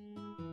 you. Mm.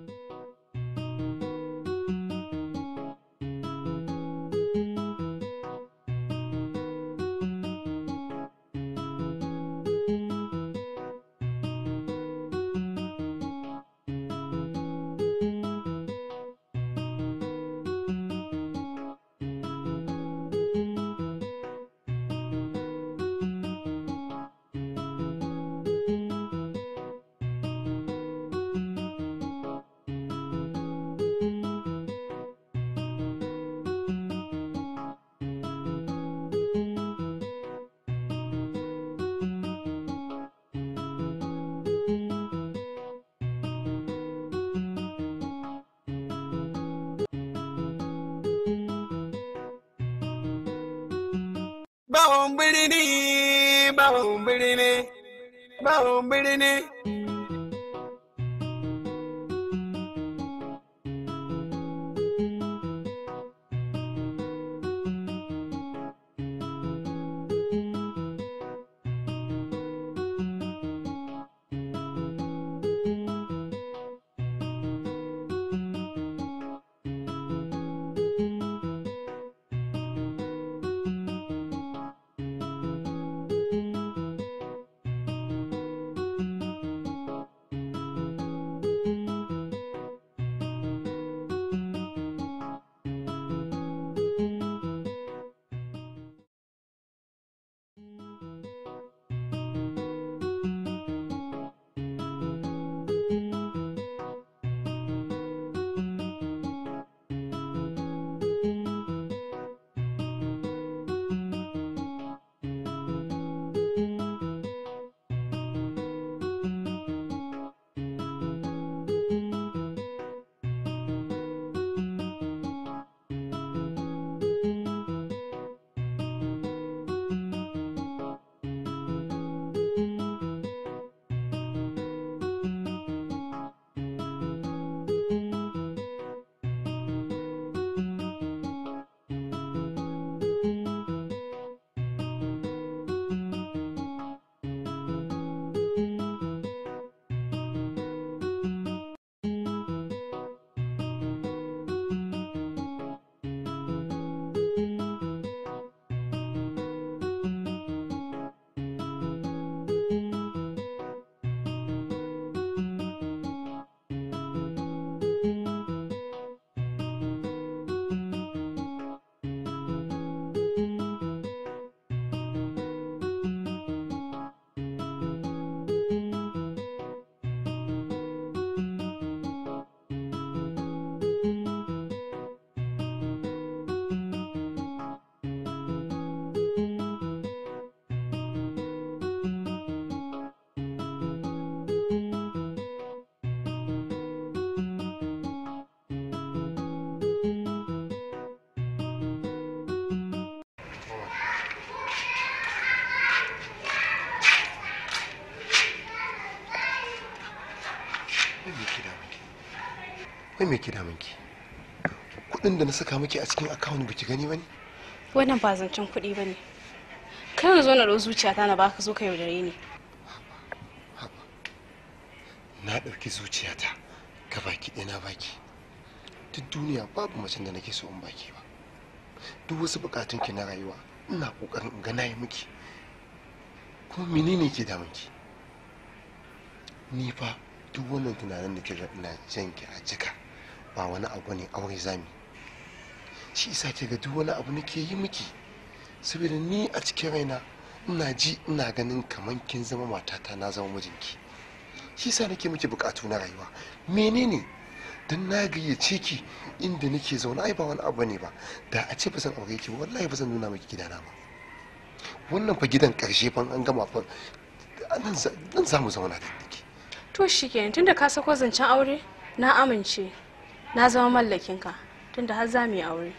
bawon birni bawon birni bawon birni wai me ke minki ki da na saka miki a cikin akawun baki gani ne? wannan ba zancen kuɗi bane kar na zo na ɗau zuciyata na baka zo ka yaudare ni na ɗauki zuciyata ka baki ɗaya baki duk duniya babu macen da nake so in baki ba duk wasu bukatun ki na rayuwa ina kokarin in ga nayi miki kuma menene ke damun ki ni fa duk wannan tunanin da kika ina jan ki a jika ba wani abu ne aure zami shi isa ke ga duk wani abu nake yi miki saboda ni a cikin raina ina ji ina ganin kamar kin zama matata na zama mijinki shi isa nake miki bukatu na rayuwa menene don na gayyace ki inda nake zaune ai ba wani abu ne ba da a ce ba zan aure ki ba wallahi ba zan nuna miki gidana ba wannan fa gidan karshe fa an gama fa nan za mu zauna da ki to shikenan tunda ka sako zancen aure na amince na zama mallakinka tunda har za mu yi aure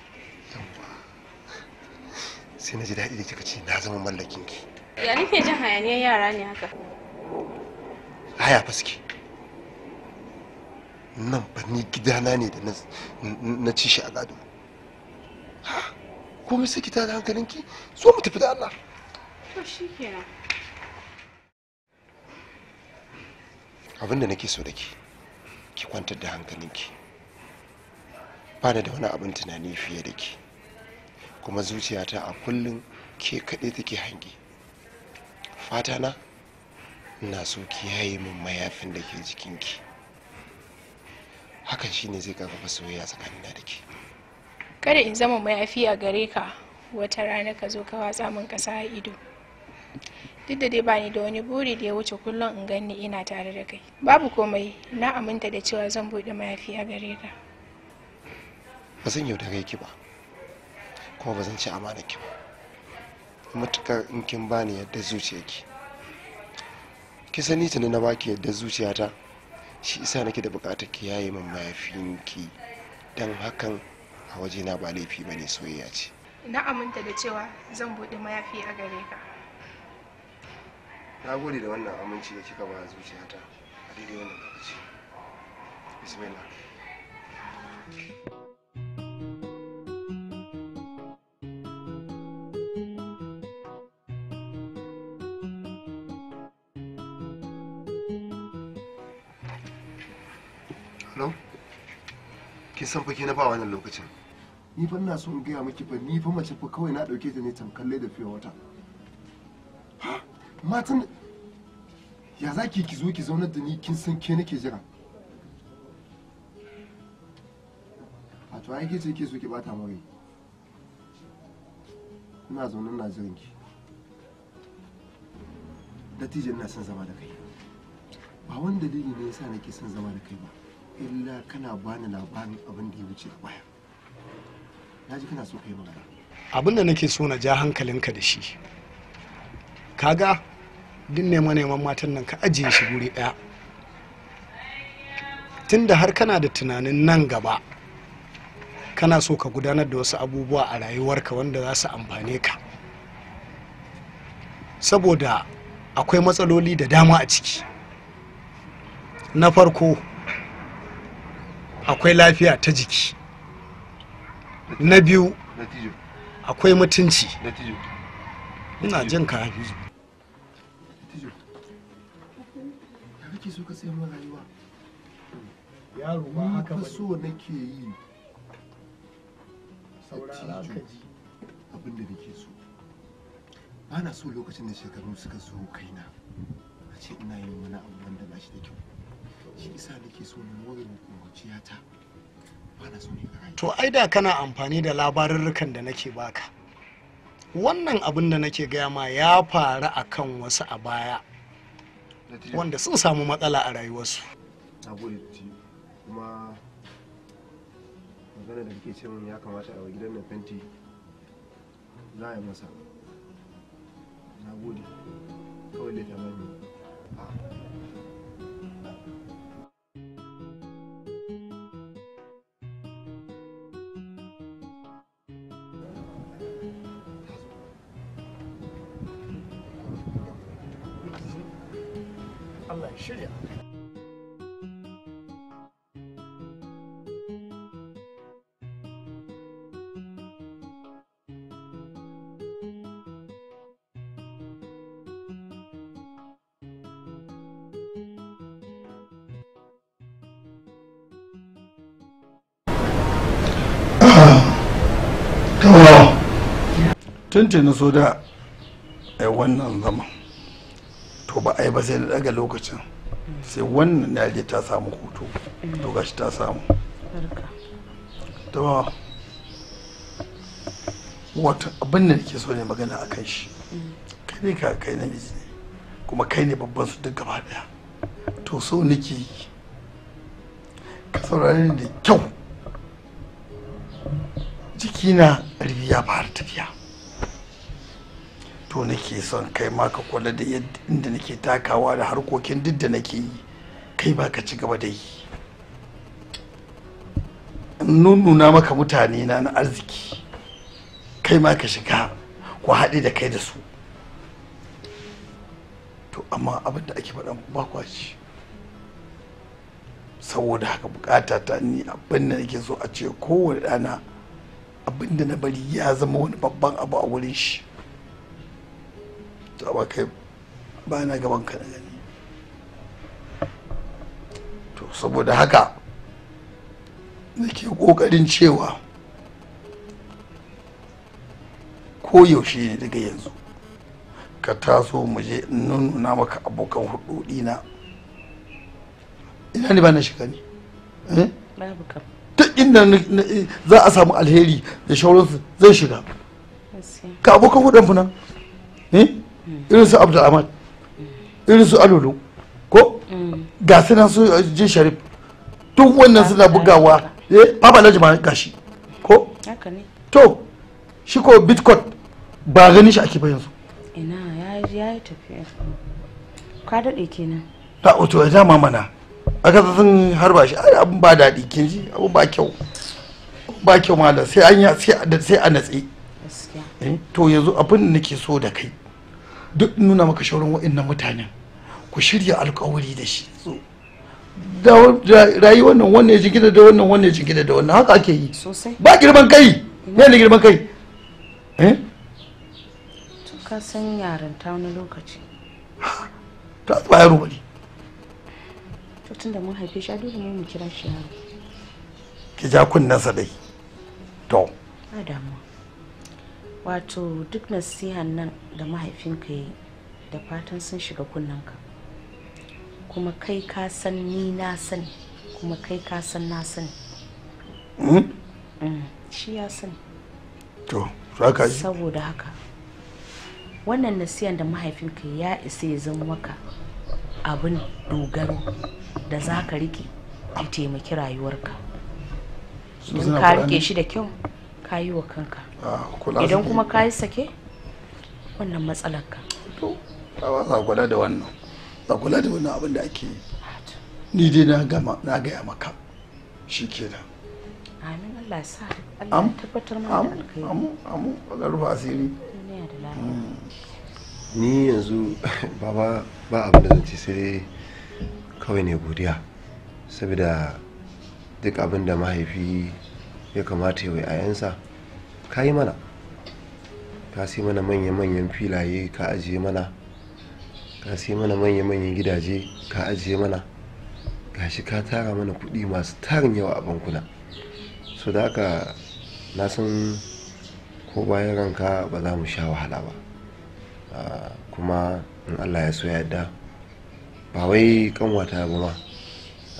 sai na ji daɗi da kika ce na zama mallakinki ya nake jin hayaniyar yara ne haka haya fa suke nan ba ni gidana ne da na ci shi a gado mai sai da hankalin ki so mu tafi da Allah to kenan abinda nake so da ki ki kwantar da hankalinki bada da wani abin tunani fiye da ke kuma zuciyata a kullum ke kaɗai take hangi fata na ina so ki yayi min mayafin da ke jikinki hakan shine zai karfafa soyayya tsakanina da ke kada in zama mayafi a gare ka wata rana ka zo ka watsa min kasa a ido duk da dai ba ni da wani buri da ya wuce kullum in ganni ina tare da kai babu komai na aminta da cewa zan buɗe mayafi a gare ka ba zan yaudare ki ba kuma ba zan ci amana ki ba matukar in kin bani yadda zuciya ki ki sani tuni na baki yadda zuciyata shi isa nake da bukatar ki yayi min ki dan hakan a waje na ba laifi bane soyayya ce na aminta da cewa zan buɗe mayafi a gare ka na gode da wannan aminci da kika ba zuciyata a daidai wannan lokaci bismillah Kin san fa ke na ba wannan lokacin ni fa ina so in gaya miki fa ni fa mace fa kawai na dauke ta ne tamkalle da fiye wata matan ya za ki zo ki zaunar da ni kin san ke nake jira a to ai ce ke so ki bata mare ina zaune na jiran ki dattijan na son zama da kai ba wani dalili ne yasa nake son zama da kai ba illa kana bani labarin abin da ya wuce a baya na ji kana so ka yi magana abin da nake so na ja hankalinka da shi kaga duk neman neman matan nan ka ajiye shi guri ɗaya tunda har kana da tunanin nan gaba kana so ka gudanar da wasu abubuwa a rayuwarka wanda za su amfane ka saboda akwai matsaloli da dama a ciki na farko akwai lafiya ta jiki na biyu akwai mutunci ina jin ka hafizu so nake yi saurara ka ji abin da nake so ba so lokacin da shekaru suka zo kaina a ce ina yin wani abu wanda ba shi da kyau shi isa nake so na more muku to ai da kana amfani da labarurrukan da nake baka wannan abin da nake gaya ma ya faru akan wasu a baya wanda sun samu matsala a rayuwarsu magana da tuntuni so da ai eh, wannan zaman to ba a ai ba sai na daga lokacin sai wannan yariya ta samu hutu to gashi ta samu to wata abin da nake so ne magana a kan shi kai ne ka kai na ne kuma kai ne babban su duk gaba daya to so nake ka saurari da kyau jikina ya fara tafiya so nake son kai ma ka kula da inda nake takawa da harkokin duk da nake yi kai ba ka ci gaba da yi nuna maka mutane na na arziki kai ma ka shiga ku haɗe da kai da su to amma abin da ake faɗa ba kwa ci saboda haka bukata ta ni abin da nake so a ce kowane ɗana abin da na bari ya zama wani babban abu a wurin shi to amma kai ba na gaban ka na gani to saboda haka nake kokarin cewa ko yaushe ne daga yanzu ka taso mu je nuna maka abokan hudodi na ina ne ba na shiga ne eh? babu kam duk inda za a samu alheri da shauransu zai shiga ka abokan hudon funan eh irin su abdul ahmad irin su alulu ko ga su nan su eh, ji sharif duk wannan suna bugawa ya eh, papa laji ma shi ko to shi ko bitcoin ba ganin shi ake bayan su ina ya yi tafiya ka daɗe kenan ta ah, oto ya mamana mana aka sun harba shi ai abin ba daɗi kin ji abin ba kyau ba kyau malam sai an sai a natsi eh, to yanzu abin da nake so da kai duk nuna maka shauran wa'annan mutanen ku shirya alkawari da shi da rayuwar nan wannan ya jigida da wannan wannan ya jigida da wannan haka ake yi ba girman kai ne ne girman kai eh to ka san yarinta wani lokaci ta tsaya yaro ne to tunda mun haife shi a dole mu kira shi yaro ki ja kunnen sa dai to a damuwa wato duk nasihan nan da mahaifinka yi da fatan sun shiga kunnanka kuma kai ka san ni na sani kuma kai ka san na sani hmm? mm, shi ya sani to saka yi saboda haka wannan nasihan da mahaifinka ya isa ya zama maka abin dogaro da za ka rike ya taimaki rayuwarka don ka rike shi da kyau ka yi wa kanka ah, idan kuma ka yi sake wannan matsalar ka to ba za kula da wannan za kula da wannan abin da ake yi ni dai na gama na gaya maka shi kenan amin Allah sa Allah tabbatar mana da alkhairi amu amu Allah rufa asiri mm. ni yanzu baba ba abin da zance sai kawai ne godiya saboda duk abin da mahaifi ya kamata ya 'yansa ka yi mana ka sai mana manya-manyan filaye ka ajiye mana ka sai mana manya-manyan gidaje ka ajiye mana gashi ka tara mana kuɗi masu tarin yawa a bankuna so da haka na san ko bayan ranka ba za mu sha wahala ba ah, kuma in allah ya so yadda ba wai kanwata ba ma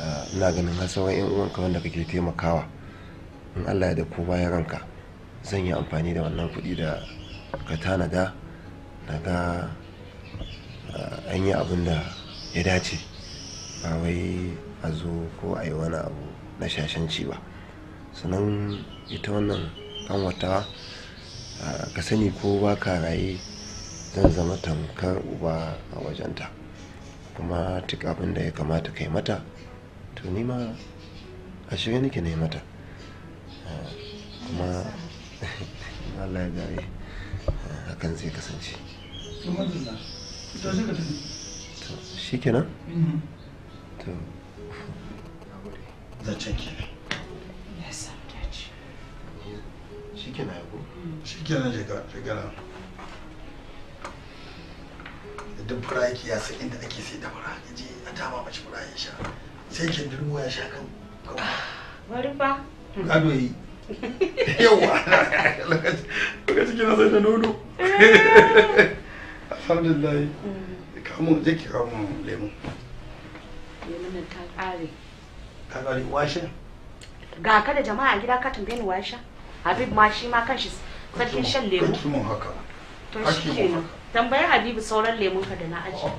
ah, ina ganin hasawar 'yan uwanka wanda kake taimakawa in allah da ko bayan ranka zan yi amfani da wannan kuɗi da ka tanada na ga eh, an yi abin da ya dace ba wai a zo ko a yi wani abu na shashanci ba sannan ita wannan ƙanwatawa eh, ka sani ko ba ka raye zan zama tamkar uba a wajenta kuma duk abin da ya kamata kai mata to nima a shirya nake ne mata kuma Allah ya gare hakan zai kasance shi kenan? to zancen kenan shi kenan ya ko? shi kenan shekara duk fura yake ya san inda ake sai da fura ya je a dama mace fura ya sha sai kindirmo ya sha kan kawo. Wari fa. gado yi yawa lokaci kina sai da nono ah. alhamdulillah mm. kamun zai ki kawo mun lemu lemunan ta kare ta kare washe ga ka da jama'a gida ka tambaye ni washe habib ma shi ma kanshi sarkin shan lemu haka to shi kenan tambayar habibu sauran lemun ka da na aji oh.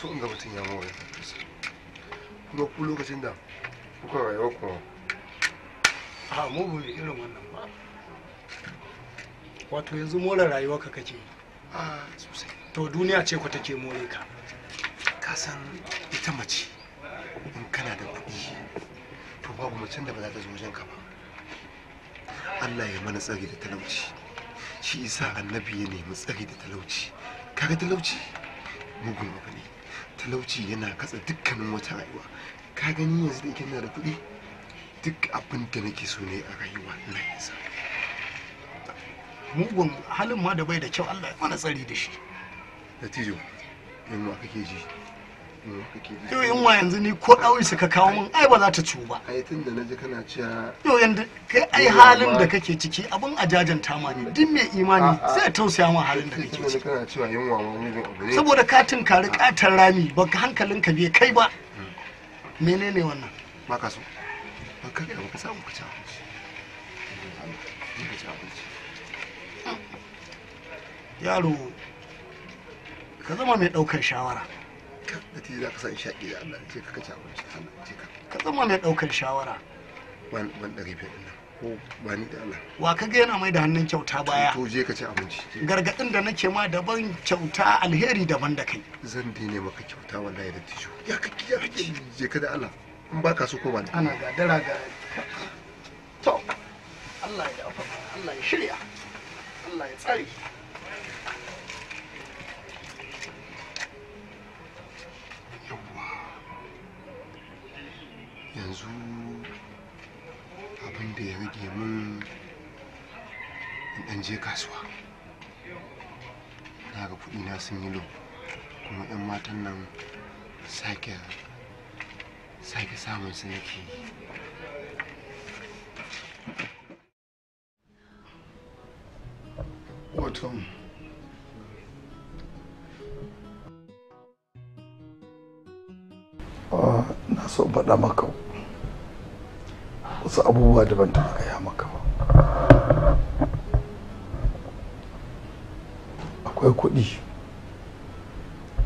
so in ga mutum ya mawa kuma ku lokacin da kuka rayuwa kuma a mu ba irin wannan ba wato yanzu more rayuwa ka kake a sosai to duniya ce ku take more ka ka san ita mace in kana da kuɗi to babu macen da ba za ta zo wajen ka ba Allah ya mana tsari da talauci shi isa annabi ya nemi tsari da talauci kaga talauci mugun abu ne talauci yana katsa dukkanin wata rayuwa ka gani yanzu da ike na da kuɗi duk abin da nake so ne a rayuwa na yanzu mugun halin ma da bai da kyau Allah ya mana tsari da shi natijo yanzu kake ji yau in wa yanzu ni ko ɗauri suka kawo min ai ba za ta ciwo ba ai tun da naji kana cewa yau yanda kai ai halin da kake ciki abin a jajanta tamani duk mai imani zai a tausaya ma halin da kake ciki kana cewa yunwa ma mugun saboda ka tunkari katar rami baka hankalinka bai kai ba menene wannan ba ka so ba ka ka samu ka ci abinci yaro ka zama mai ɗaukar shawara ka da ta za ka san shaƙi da Allah ce ka kace abinci Allah ce ka ka zama mai ɗaukar shawara ban ban ɗari fiye ɗin ko ba ni da Allah wa ka ga yana mai da hannun kyauta baya to je ka ci abinci gargaɗin da nake ma daban kyauta alheri daban da kai zan dine maka kyauta wallahi da tijo ya ka ya kake je ka da Allah in ba ka so ko ba ana ga dara ga to Allah ya Allah ya shirya Allah ya tsare yanzu abin da ya rage mun in ɗan je kasuwa na ga na sun yi lo kuma 'yan matan nan sake sake samun su nake wato ah, na so faɗa maka wasu abubuwa da ban taɓa gaya maka ba akwai kuɗi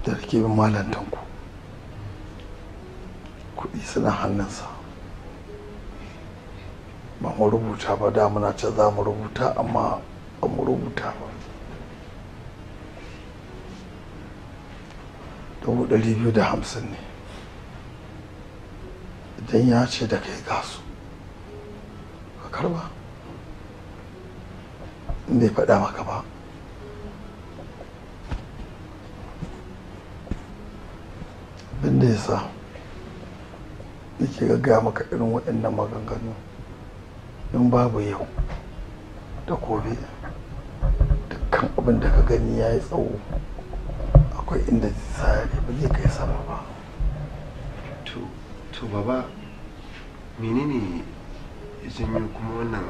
da rike bin malantanku kuɗi suna hannunsa ba mu rubuta ba da muna ce za mu rubuta amma ba mu rubuta ba dubu ɗari biyu da hamsin ne idan ya ce da kai gasu karba bai faɗa maka ba abin da ya sa nake gaggaya maka irin waɗannan maganganu in babu yau da kobe dukkan abin da ka gani ya yi tsawo akwai inda tsari ba zai kai sama ba to baba menene janyo kuma wannan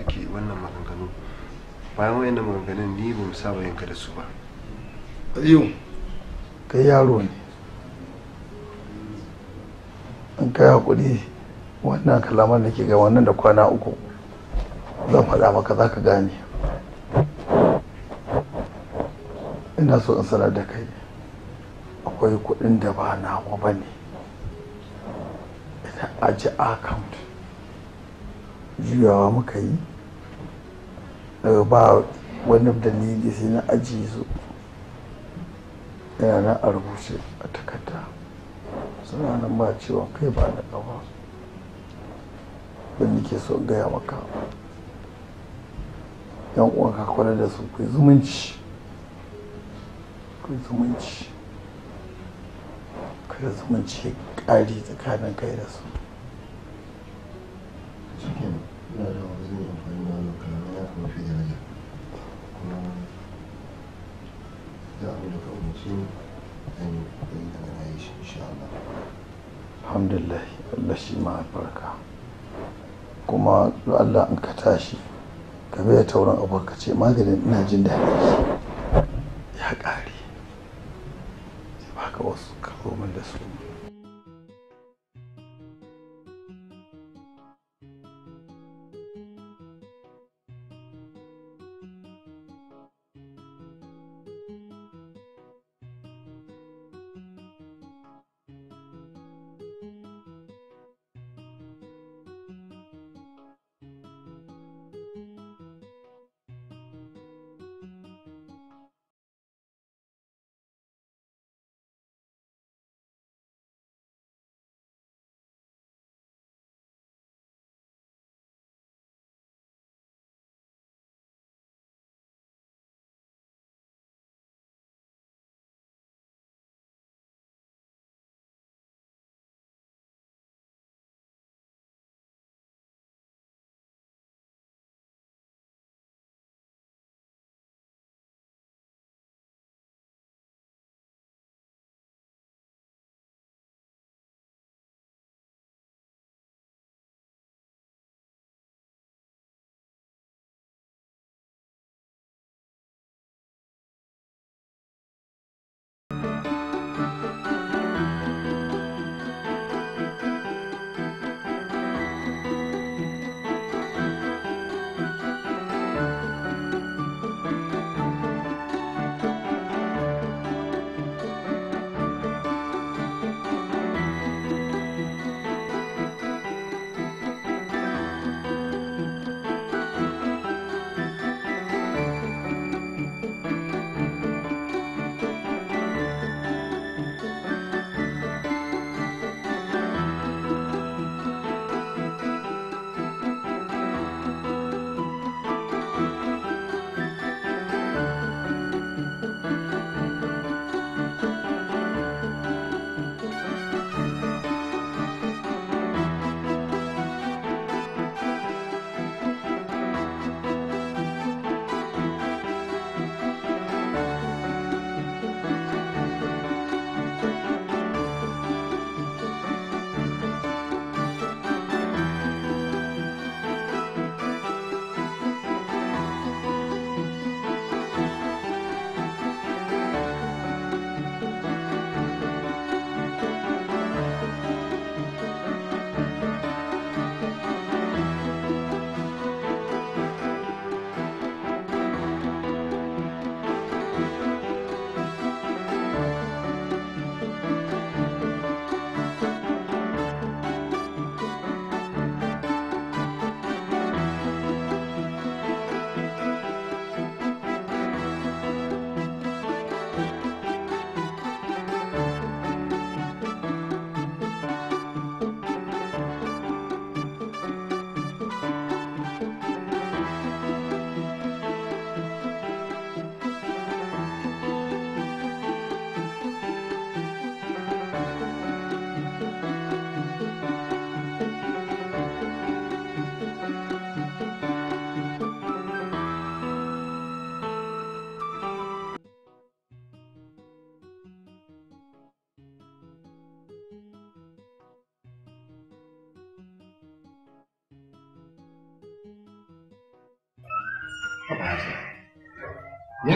ake wannan maganganu bayan wayannan maganganun ni ba mu saba yanka da su ba aliyu kai yaro ne An kai hakuri wannan kalaman da ke ga wannan da kwana uku zan faɗa maka za ka gane ina so in sanar da kai akwai kuɗin da ba nawa ba ne ita aji account juyawa muka yi daga ba wani dalili sai na ajiye su yana nan a rubuce a takarda suna nan ba cewa kai ba da ƙafa don nike so gaya maka yan uwan ka da su kai zumunci kai zumunci kai zumunci ya ƙari tsakanin kai da su ma albarka kuma Allah in ka tashi ka biya taurin abuwa ce maganin ina jin daɗi ya ƙare ba baka wasu ka da su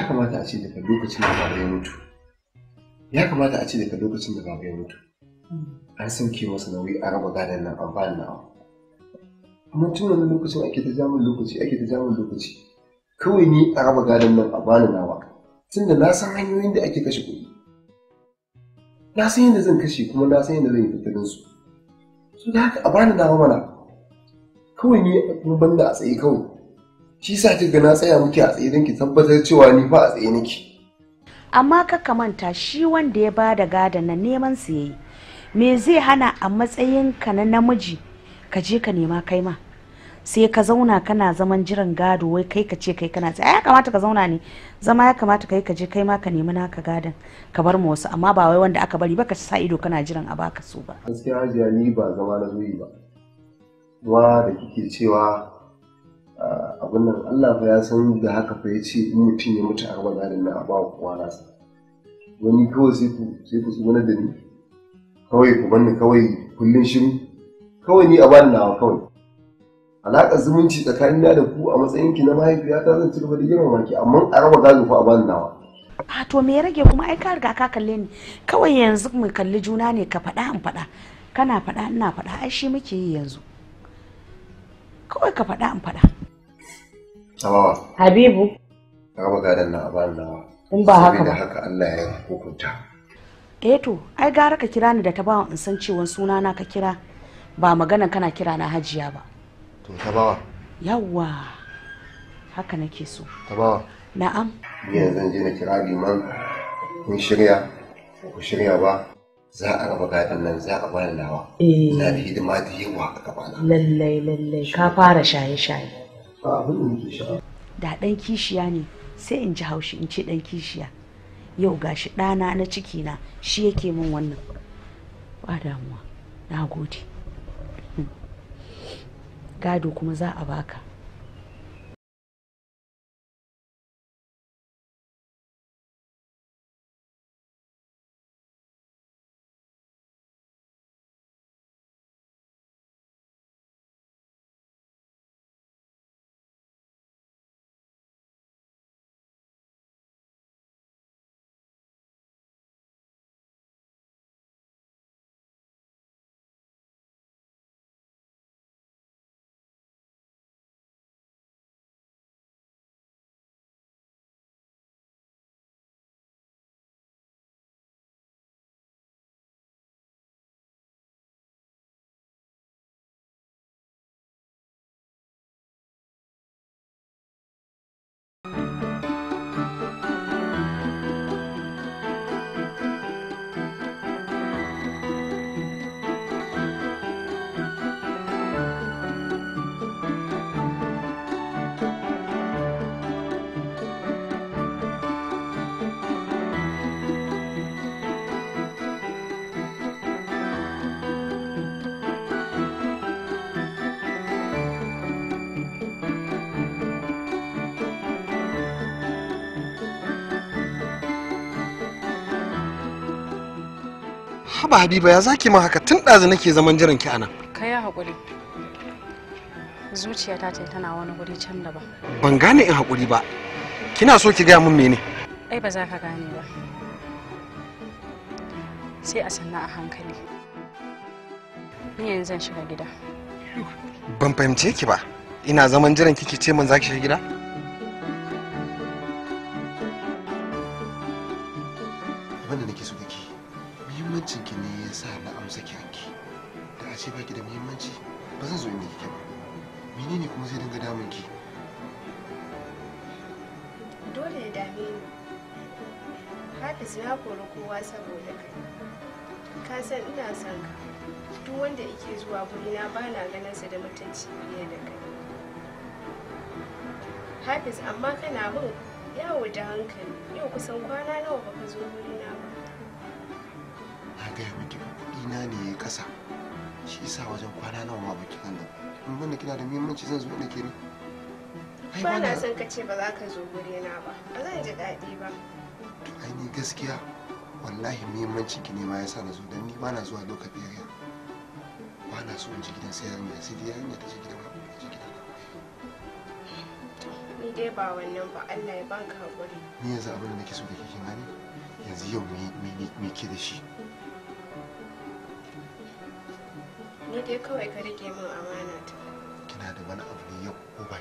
ya kamata a ce daga lokacin da baba ya mutu ya kamata a ce daga lokacin da baba ya mutu an ke masa nauyi a raba gadon nan an ba na amma tun wani lokacin ake ta jamun lokaci ake ta jamun lokaci kawai ni a raba gadon nan a bani nawa tunda na san hanyoyin da ake kashe kuɗi na san yadda zan kashe kuma na san yadda zan yi tattalin su su da haka a bani nawa mana kawai ni kuma banda a tsaye kawai shi sa ga na tsaya miki a tsaye don ki tabbatar cewa ni fa a tsaye nake amma ka manta shi wanda ya ba da gadon na neman su yayi me zai hana a matsayin ka na namiji ka je ka nema kai ma sai ka zauna kana zaman jiran gado wai kai ka ce kai kana sai ya kamata ka zauna ne zama ya kamata kai ka je kai ma ka nemi naka gadon ka bar mu wasu amma ba wai wanda aka bari ba ka sa ido kana jiran a baka su ba gaskiya hajiya ni ba zama na zuyi ba ruwa da kike cewa abin nan Allah fa ya san da haka fa ya ce in mutum ya mutu a gaban tsarin nan a ba wa kowa nasa wani kawai sai ku sai ku tsuguna da ni kawai ku banni kawai kullun shiru kawai ni a bani nawa kawai alaƙar zumunci tsakanina da ku a matsayinki na mahaifiya ta zan ci gaba da girmama ki amma a raba gado ku a bani nawa a to me ya rage kuma ai ka riga ka kalle ni kawai yanzu mu kalli juna ne ka faɗa in faɗa kana faɗa ina faɗa ai shi muke yi yanzu kawai ka faɗa in faɗa Habibu. Ka ba na ba na. In ba haka ba. haka Allah ya hukunta. Eh to, ai gara ka kira ni da ta wa in san cewa suna na ka kira ba magana kana kira na hajiya ba. To tabawa. Yawwa. Haka nake so. Tabawa. Na'am. Ni zan je na kira liman kun shirya ku shirya ba za a raba gadon nan za a bani nawa. Eh. Na da hidima da yawa a gabana. Lallai lallai ka fara shaye shaye. da ɗan kishiya ne sai in ji haushi in ce ɗan kishiya yau gashi ɗana na ciki na shi yake min wannan ba damuwa na gode hmm. gado kuma za a baka Baba habiba ya zaki ma haka tun ɗazu nake zaman jiran ki anan ka yi haƙuri zuciyata ce tana wani guri can ba. ban gane in haƙuri ba kina so ki gaya min mene ai ba za ka gane ba sai a sanna a hankali ni yanzu zan shiga gida ban fahimce ki ba ina zaman jiran kike ce min za ki shiga gida abin da nake so kike muhimmancinki ne ya sa na amsa kiranki da a ce baki da muhimmanci ba zan zo inda kike ba menene kuma zai dinga damun ki dole ya dame ni hafiz ya kori kowa saboda kai ka san ina son ka duk wanda yake zuwa gurina ba na ganin sa da mutunci fiye da kai hafiz amma kana min yawo da hankali yau kusan kwana nawa baka zo guri kasa shi isa wajen kwana nawa ma baki nan in wanda kina da muhimmanci zan zo da ke ne ba na san ka ce ba za ka zo gure na ba ba zan ji daɗi ba to ai ni gaskiya wallahi muhimmanci ki ne ma yasa na zo dan ni ba na zuwa lokaci ya ba na so in ji gidan sai yarinya sai dai yarinya ta ji gidan ba gidan ni dai ba wannan ba Allah ya banka hakuri ni yanzu abin da nake so da kike gane yanzu yau me me me ke da shi dai kawai ka rike min amana ta kina da wani abu ne yau ko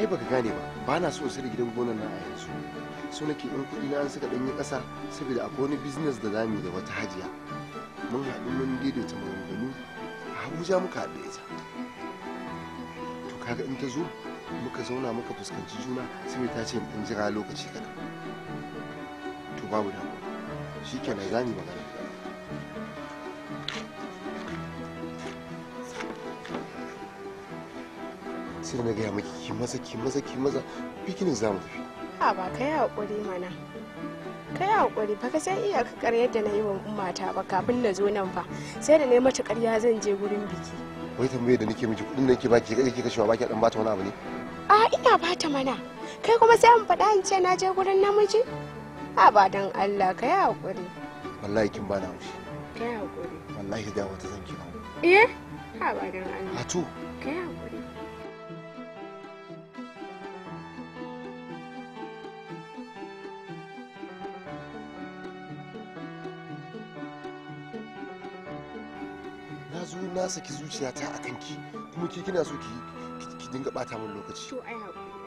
ai baka gane ba ba na so sai gidan gonan na a yanzu so nake in kuɗi na an saka yi ƙasa saboda akwai wani business da zamu da wata hajiya mun haɗu mun daidaita maganganu a Abuja muka haɗu ita to kaga in ta zo muka zauna muka fuskanci juna sai ta ce in jira lokaci kaɗan to babu damuwa shi za mu magana sai na gaya miki ki maza ki maza ki maza bikinin za mu tafi a ba ka yi haƙuri mana ka yi haƙuri ba ka san iyakar yadda na yi wa ummata ba kafin na zo nan fa sai da na yi ya zan je gurin biki wai tambaye da nake miki kuɗin da nake baki kai kike kashewa baki dan bata wani abu ne a ina bata mana kai kuma sai an faɗa in ce na je gurin namiji a ba dan Allah ka yi haƙuri wallahi kin bana haushi ka yi haƙuri wallahi da wata zan kira eh a ba dan Allah to. ka yi haƙuri zuciyata a kanki kuma ki kina so ki ki dinga bata min lokaci to ai hakuri ki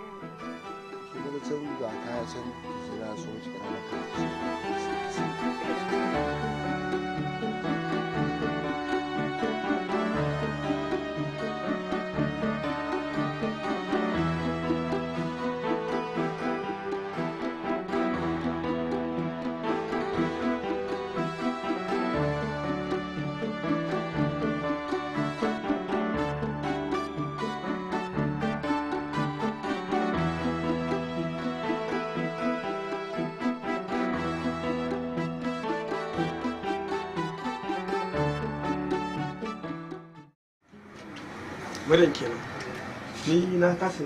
ga can ga kaya can so ki kana kaya madan kenan ni na kasa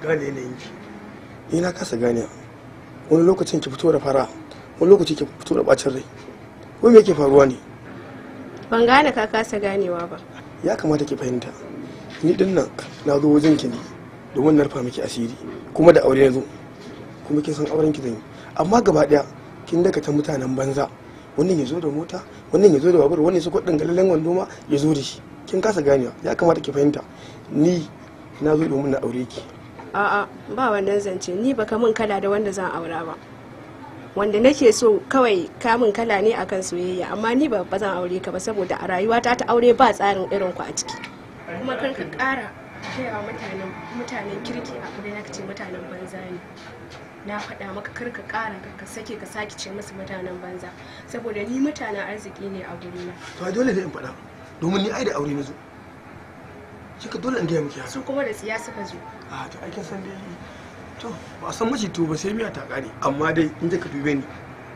gane yanayin ki ni na kasa gane wani lokacin ki fito da fara wani lokacin ki fito da bacin rai Wani me yake faruwa ne ban gane ka kasa ganewa ba ya kamata ki fahimta ni din nan na zo wajen ki ne domin na rufa miki asiri kuma da aure na zo kuma kin san auren ki zan amma gaba daya kin daga mutanen banza wannan ya zo da mota wannan ya zo da babur wannan ya zo kudin galalen wando ma ya zo da shi kin kasa ganewa ya kamata ki fahimta ni na zo domin na aure ki a'a ba wannan zance ni baka min kala da wanda zan aura ba wanda nake so kawai kamun kala ne akan soyayya amma ni ba zan aure ka ba saboda a rayuwata ta aure ba tsarin irin ku a ciki kuma kar ka kara cewa mutanen mutanen kirki a kudin na ce mutanen banza ne na faɗa maka kar ka kara ka sake ka sake ce musu mutanen banza saboda ni mutanen arziki ne a gurina to dole ne in faɗa domin ni ai da aure na zo ka dole in gaya miki su kuma da siya suka zo a to aikin san dai to ba san miji to ba sai miya ta kare amma dai in ka dube ni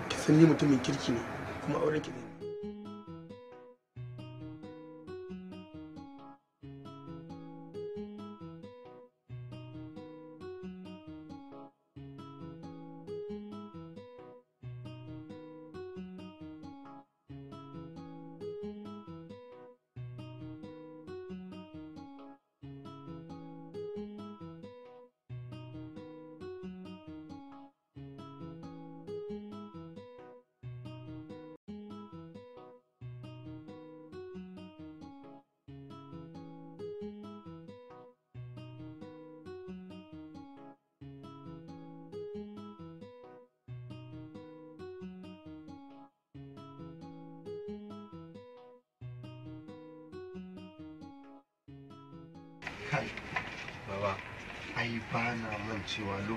ki san ni mutumin kirki ne kuma auren ki ne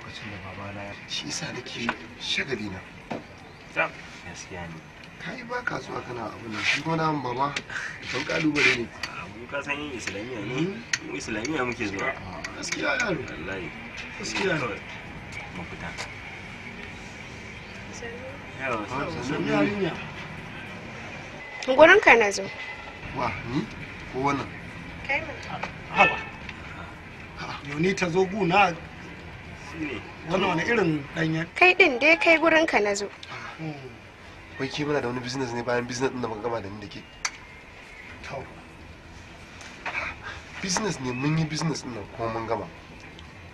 lokacin da babana ya shi sa nake shagali na gaskiya ne kai ba ka zuwa kana abu nan shi gona mun baba don kalubale ne mu ka san yin islamiya ne hmm? mu islamiya muke zuwa ah, gaskiya wallahi gaskiya ne mu fita Gurin ah, ka na zo. Wa, ni? Hmm? Ko wannan? Kai Yau ta zo guna ne wani irin danya kai din dai kai gurin ka na zo hmm. wai ke muna da wani business ne bayan business din da muka gama da ni da ke business ne mun yi business din nan kuma mun gama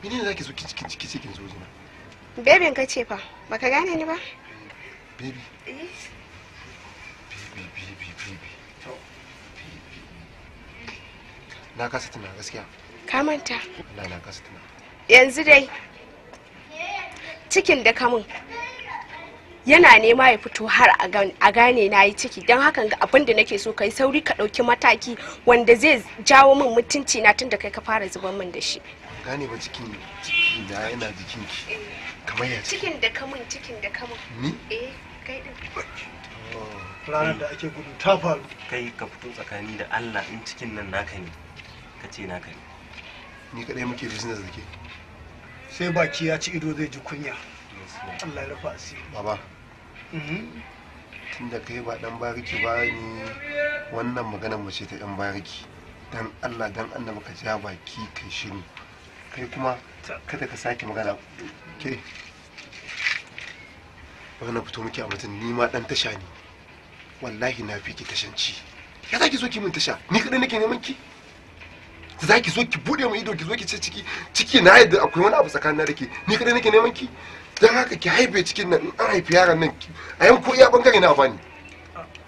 mene ne zaki so kici kici kici kin zo jina bebin ka ce fa baka gane ni ba baby eh. baby baby baby na kasa tana gaskiya ka manta na na kasa tuna yanzu dai cikin da kamun yana nema ya fito har a gane na yi ciki don hakan ga abin da nake so ka yi sauri ka ɗauki mataki wanda zai jawo min mutunci na tun da kai ka fara zuban min da shi gane ba cikin ciki na yana jikin ki kamar ya cikin da kamun cikin da kamun ni eh kai din ranar da ake gudu ta faru kai ka fito tsakani da Allah in cikin nan naka ne ka ce naka ne ni kadai muke business da ke sai baki ya ci ido zai ji kunya Allah ya rufa asiri baba mhm. tun da ka yi ba dan bariki ba ni wannan magana mace ta dan bariki dan Allah dan annabi ka ja baki kai ne. kai kuma kada ka sake magana ke magana fito muke a mutum ni ma dan tasha ne wallahi na fi tashanci ya zaki so ki min tasha ni kadai nake neman ki za ki zo ki bude mu ido ki zo ki ce ciki ciki na yadda akwai wani abu tsakanin da ke ni kadai nake neman ki dan haka ki haife cikin nan an haifi yaran nan a yanko iya bangare na bani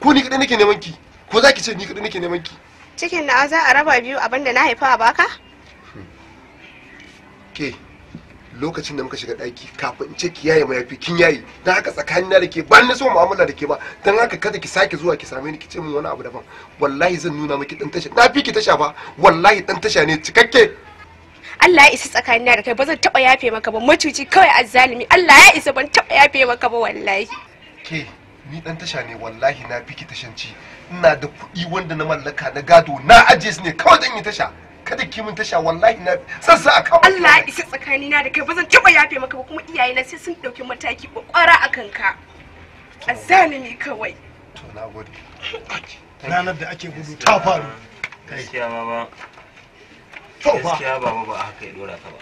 ko ni kadai nake neman ki ko za ki ce ni kadai nake neman ki cikin na za a raba biyu abinda na haifa a baka hmm. ke lokacin da muka shiga ɗaki kafin in ce ki yaye yafi kin yaye dan haka tsakanin na da ke ba ni so mu'amala da ke ba dan haka kada ki sake zuwa ki same ni ki ce min wani abu daban wallahi zan nuna miki dan tasha na fi ki tasha ba wallahi dan tasha ne cikakke Allah ya isa tsakanin na da kai ba zan taba yafe maka ba macuci kawai azzalimi Allah ya isa ban taba yafe maka ba wallahi ke ni dan tasha ne wallahi na fi ki tashanci ina da kuɗi wanda na mallaka na gado na ajiye su ne kawai dan yi tasha kada ki mun tasha wallahi na san sa aka Allah isa tsakani na da kai ba zan taba yafe maka ba kuma iyaye na sai sun dauki mataki ba kwara akan ka azalimi kawai to na gode ranar da ake gudu ta faru gaskiya baba gaskiya baba ba haka ya dora ka ba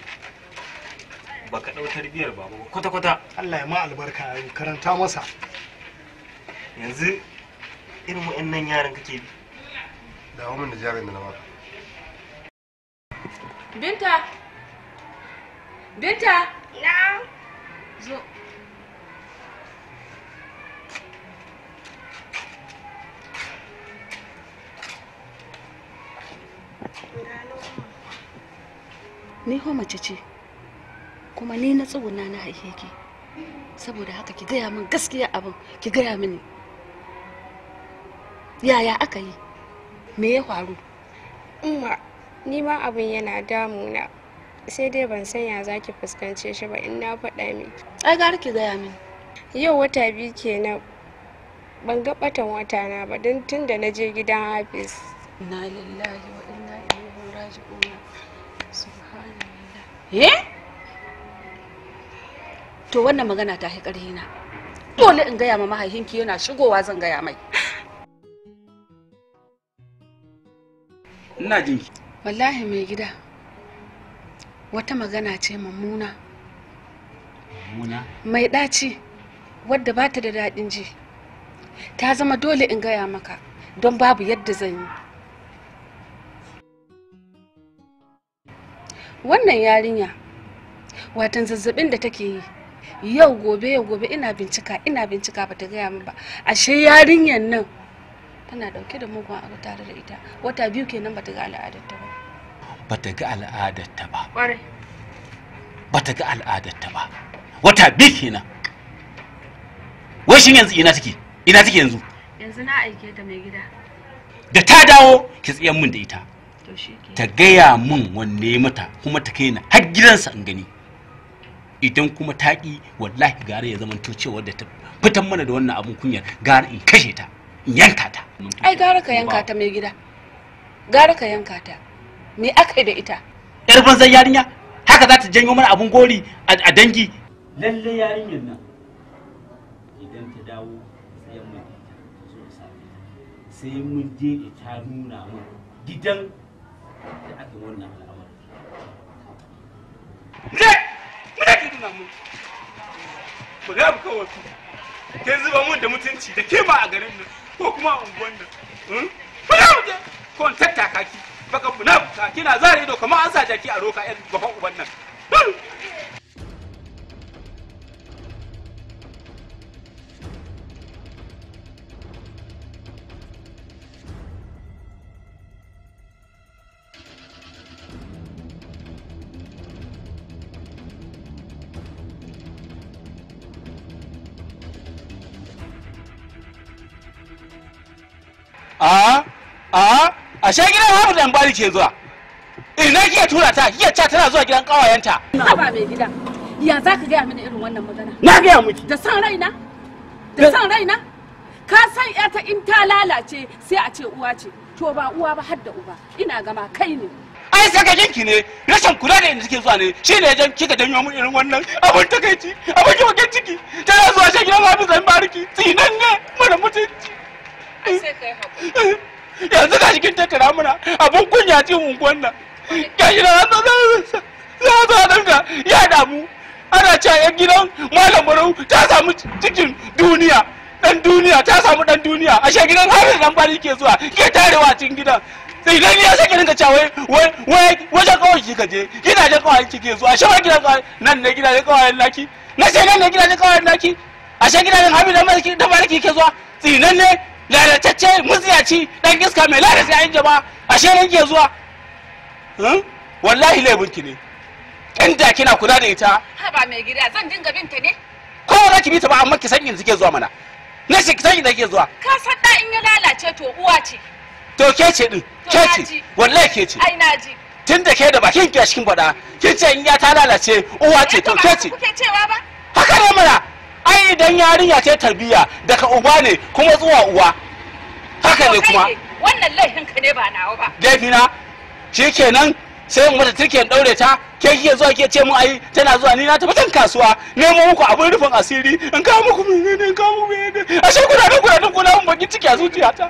baka dau tarbiyar baba ba kwata kwata Allah ya ma albarka ya karanta masa yanzu irin wa'annan yaran kake bi wannan mun da jarin da na baka Binta! Binta! Na. Zo. Ni ho mace ce, kuma ni na tsuguna na haife ki. Saboda haka ki gaya min gaskiya abin, ki gaya mini. Yaya aka yi? Me ya faru? Umma. ni ma abin yana damuna sai dai ban san ya za ki fuskance shi ba in na faɗa miki ai gara ki gaya min yau wata biyu kenan ban ga batan wata na ba don tun da na je gidan hafiz na lillahi wa inna ilaihi raji'un subhanallah eh to wannan magana ta hi ƙarhi na dole in gaya ma mahaifinki yana shigowa zan gaya mai ina jinki wallahi mai gida wata magana ce mummuna mai ɗaci wadda ba ta da daɗin ji ta zama dole in gaya maka don babu yadda zan yi wannan yarinya watan zazzabin da take yi yau gobe yau gobe ina bincika ina bincika ba gaya min ba ashe yarinyar nan tana dauke da mugun abu tare da ita wata biyu kenan bata ga al'adarta ba bata ga al'adarta ba bata ga al'adarta ba wata biyu kenan wai shin yanzu ina take ina take yanzu yanzu na aike ta mai gida da ta dawo ki tsayan min da ita ta gaya min wanne mata kuma ta kai na har gidansa in gani idan kuma taƙi wallahi gara ya zama cewa da ta fitan mana da wannan abun kunyar gara in kashe ta yanka ta ai gara ka yanka ta mai gida gara ka yanka ta me aka yi da ita yar banzan yarinya haka za ta janyo mana abun gori a dangi lalle yarinyar nan idan ta dawo sai mun sai mun je ta nuna mun gidan da aka wannan al'amari ne ne ki nuna mun mu ga kawai ke zuba mun da mutunci da kima a garin nan ko kuma unguwan nan hmm? fara ko in tattaka ki baka munafika kina zare ido kamar an sa jaki a roka yan gaban uban nan hmm? a a a sha gidan Habu dan bari ke zuwa ina kike tura ta ya ta tana zuwa gidan kawayenta Ina ba mai gida ya za ka gaya mini irin wannan magana na gaya miki da san raina da san raina ka san yata in ta lalace sai a ce uwa ce to ba uwa ba har da uba ina gama kai ne ai sakakin ki ne rashin kula da inda take zuwa ne shine ya kika danyo mun irin wannan abun takaici abun ki bakin ciki tana zuwa shan gidan labu zan ki, tsinan ne mara mutunci yanzu ga cikin tattara muna abin kunya cikin mun gwanna ga shi da zo za zo danka ya damu ana cewa yan gidan malam baro ta samu cikin duniya dan duniya ta samu dan duniya a she gidan har dan bari ke zuwa ke tarewa cikin gidan sai dan ya sake dinga cewa wai wai wajen kawai ki kaje gidajen kawai ki ke zuwa a ba gidan kawai nan ne gidaje kawai laki na sai nan ne gidajen kawai laki a gidajen gidan har dan bari ke zuwa tsinan ne lalatacce muziyaci, dan iska mai lalata yayin jama'a ashe nan ke zuwa hmm? wallahi laifin ne in da kina kula da ita haba mai gida zan dinga binta ne ko za ki bi ta ba amma ki san in ke zuwa mana na shi ki san in ke zuwa ka san da in ya lalace to uwa ce to ke ce din ke ce wallahi ke ce ai naji tun da ke da bakin ki a cikin bada kin ce in ya ta lalace uwa ce to ke ce kuke cewa ba haka ne mana ai idan yarinya ta tarbiyya daga uba ne kuma zuwa uwa haka ne kuma wannan laifin ka ne ba nawa ba laifina shikenan sai mu mata tirken daure ta ke kike zuwa ke ce mu ai tana zuwa ni na tafi kasuwa nemo muku abin rufin asiri in kawo muku menene in kawo muku menene ashe kuna da kuna da kuna mun baki ciki a zuciyata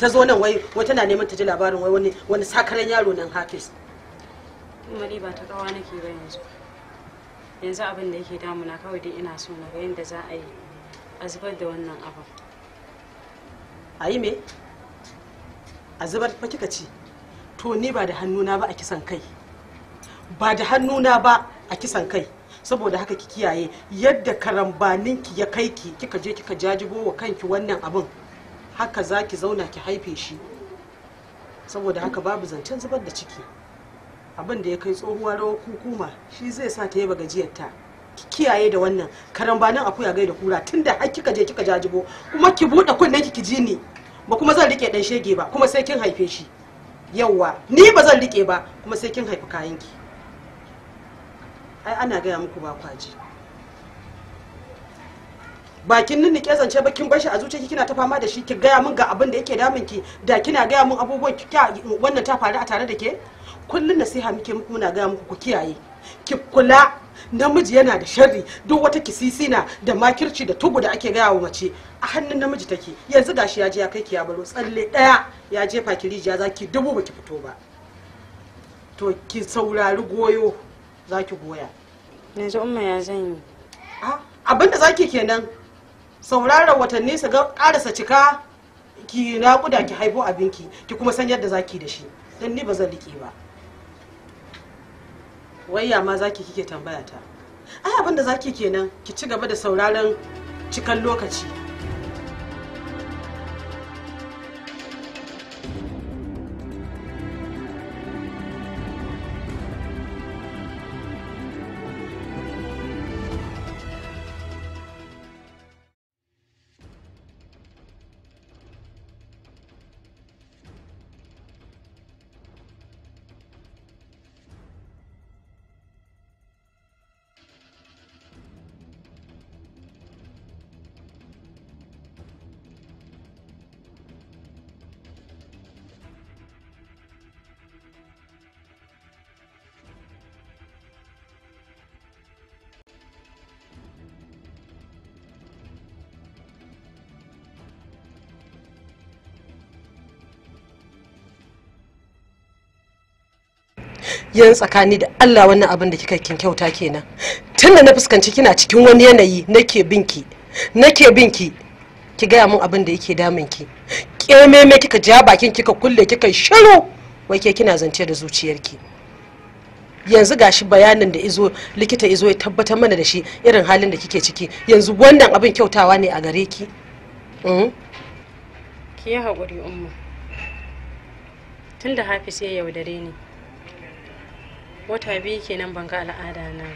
ta zo nan wai wata tana neman ta ji labarin wai wani wani sakaren yaro nan hafiz mari ba ta kawa nake ba yanzu yanzu abin da yake damuna kawai dai ina so na ga yadda za a yi a zubar da wannan abin a yi me a zubar fa kika ci to ni ba da hannuna ba a kisan kai ba da hannuna ba a kisan kai saboda haka ki kiyaye yadda karambaninki ya kai ki kika je kika jajibo wa kanki wannan abin haka za ki zauna ki haife shi saboda haka babu zancen zubar da ciki abin da ya kai tsohuwa rawar kukuma shi zai sa ta yi gajiyarta ki kiyaye da wannan karan karambanin akuya gai da kura tunda har kika je kika jajibo kuma ki buɗe kunnen ki ji ni ba kuma zan rike ɗan shege ba kuma sai kin haife shi yawwa ni ba zan rike ba kuma sai kin haifi kayanki ai ana gaya muku ba kwaji bakin nin nike zance ba kin bar shi a zuciyarki kina ta fama da shi ki gaya min ga abin da yake damun ki da kina gaya min abubuwan ki wannan ta faru a tare da ke kullun nasiha muke muna gaya muku ku kiyaye ki kula namiji yana da sharri duk wata kisisina da makirci da tugu da ake gaya wa mace a hannun namiji take yanzu gashi ya je ya kai ki ya baro tsalle daya ya jefa ki rijiya zaki dubu baki fito ba to ki saurari goyo zaki goya yanzu umma ya zan yi ah, abinda zaki kenan sauraron watanni su ga karasa cika ki naƙuda ki haifo abinki ki kuma san yadda zaki da shi don ni ba zan riƙe ba wayya ma zaki kike tambaya ta ai abin da zaki kenan ki ci gaba da sauraron cikan lokaci yan tsakani da Allah wannan abin da kika kin kyauta kenan tunda na fuskanci kina cikin wani yanayi nake binki nake binki ki gaya mun abin da yake damun ki kememe kika ja bakin kika kulle kika shiru wai ke kina zance da zuciyarki yanzu gashi bayanin da izo likita izo ya tabbatar mana da shi irin halin da kike ciki yanzu wannan abin kyautawa ne a gare ki mm-hmm. ki yi haƙuri umma tun da sai ya yaudare ni wata biyu kenan ban al'ada na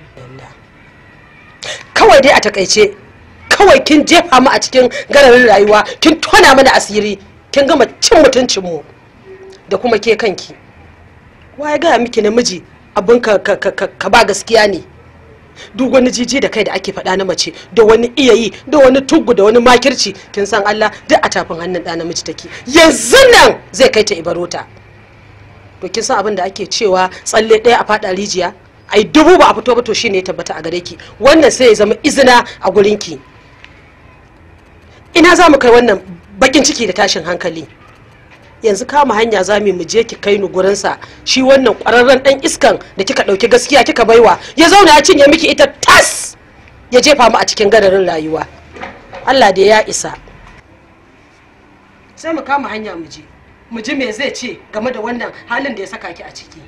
kawai dai a takaice kawai kin jefa mu a cikin gararin rayuwa kin tona mana asiri kin gama cin mutuncin mu da kuma ke kanki ya gaya miki namiji abin ka, ka, ka, ka ba gaskiya ne duk wani jiji da kai da ake faɗa na mace da wani iyayi da wani tuggu da wani makirci kin san Allah duk a tafin hannun ɗa namiji take yanzu nan zai kai ta ibarota to kin san abin da ake cewa tsalle ɗaya a faɗa rijiya ai dubu ba a fito ba to shine ya tabbata a gare ki wannan sai ya zama izina a gurin ki ina za mu kai wannan bakin ciki da tashin hankali yanzu kama hanya za mu je ki kai ni gurinsa shi wannan ƙwararren ɗan iskan da kika ɗauki gaskiya kika baiwa ya zauna ya cinye miki ita tas ya jefa mu a cikin gadarin rayuwa allah da ya isa sai mu kama hanya mu je mu ji me zai ce game da wannan halin da ya saka ki a ciki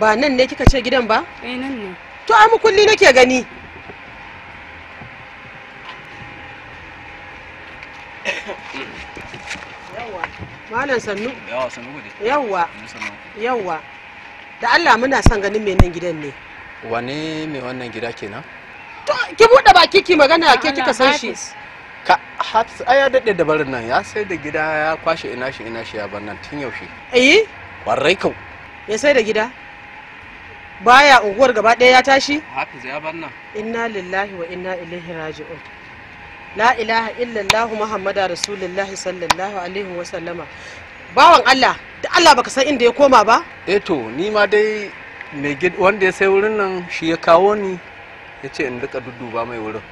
ba nan ne kika ce gidan ba eh nan ne to ai mukulli nake gani yawa malam sannu yawa sannu gode yawa yawa da Allah muna son ganin me nan gidan ne wane me wannan gida kenan to ki bude baki ki magana ke kika san shi ka hafiz aya ya dade da barin nan ya sai da gida ya kwashe ina shi ina shi ya bar nan tun yaushe eh kwarai kau ya sai da gida baya unguwar gaba ɗaya ya tashi haka zai bar nan inna lillahi wa inna ilaihi raji'un la ilaha illallah muhammadu rasulullahi sallallahu alaihi wa sallama bawan Allah da Allah baka san inda ya koma ba eh to ni ma dai mai gid wanda ya sai wurin nan shi ya kawo ni ya ce in rika dudduba mai wurin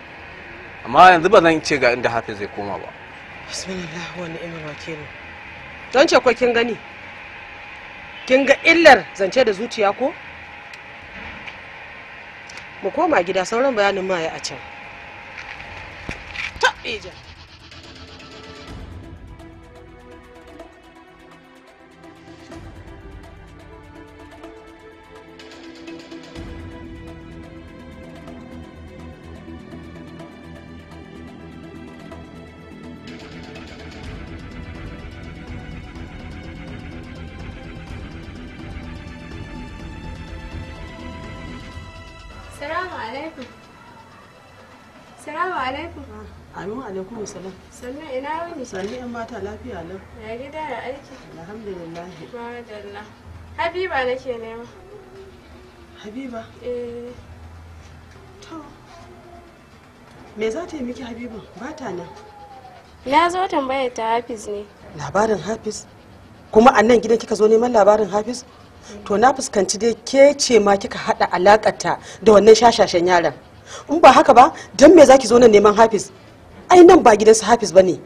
amma yanzu ba zan ce ga inda hafi zai koma ba bismillah wa ni'mal wakil don ce ko kin gani kin ga illar zance da zuciya ko mu koma gida sauran bayanin ma ya a can. alaikum salam. Sannu ina wuni? Sannu yan mata lafiya lau. Ya gida ya aiki? Alhamdulillah. Madalla. Habiba nake nema. Habiba? Eh. To. Me za ta yi miki Habiba? Ba ta nan. Na zo tambayar ta Hafiz ne. Labarin Hafiz? Kuma a nan gidan kika zo neman labarin Hafiz? Mm. To na fuskanci dai ke ce ma kika haɗa alakata da wannan shashashen yaran? In ba haka ba, don me za ki zo nan neman Hafiz? ai nan ba gidansu hafiz ba ne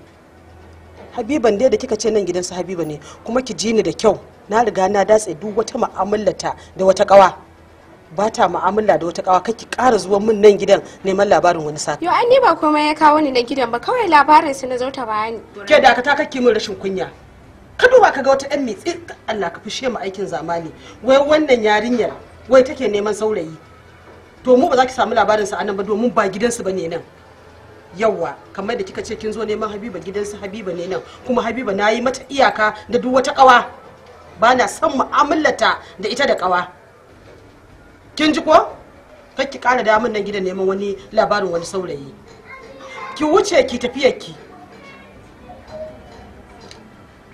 habiban da kika ce nan gidan habiba ne kuma ki ji ni da kyau na riga na datse duk wata ma'amulata da wata kawa ba ta ma'amala da wata kawa kake ƙara zuwa min nan gidan neman labarin wani sa. Yo an ne ba komai ya kawo ni nan gidan ba kawai labarin su na zo ta bayani. Ke da ka ta kake min rashin kunya. Ka duba ka ga wata ɗan mitsi Allah ka fishe mu aikin zamani. Wai wannan yarinyar wai take neman saurayi. To mu ba za ki samu labarin sa anan ba domin ba gidansu bane nan. yawa kamar da kika ce kin zo neman habiba gidansu habiba ne nan kuma habiba na yi mata iyaka da duk wata kawa ba na son mu'amalata da ita da kawa kin ji ko kar ki kara da nan gidan neman wani labarin wani saurayi ki wuce ki tafiyar ki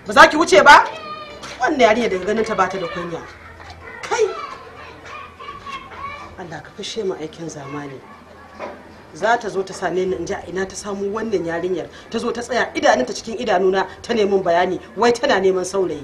ba za ki wuce ba wannan yarinya daga ganin ta bata da kunya kai Allah ka fashe mu aikin zamani za ta zo ta same ni in ji a ina ta samu wannan yarinyar ta zo ta tsaya idanunta cikin idanuna ta neman bayani wai tana neman saurayi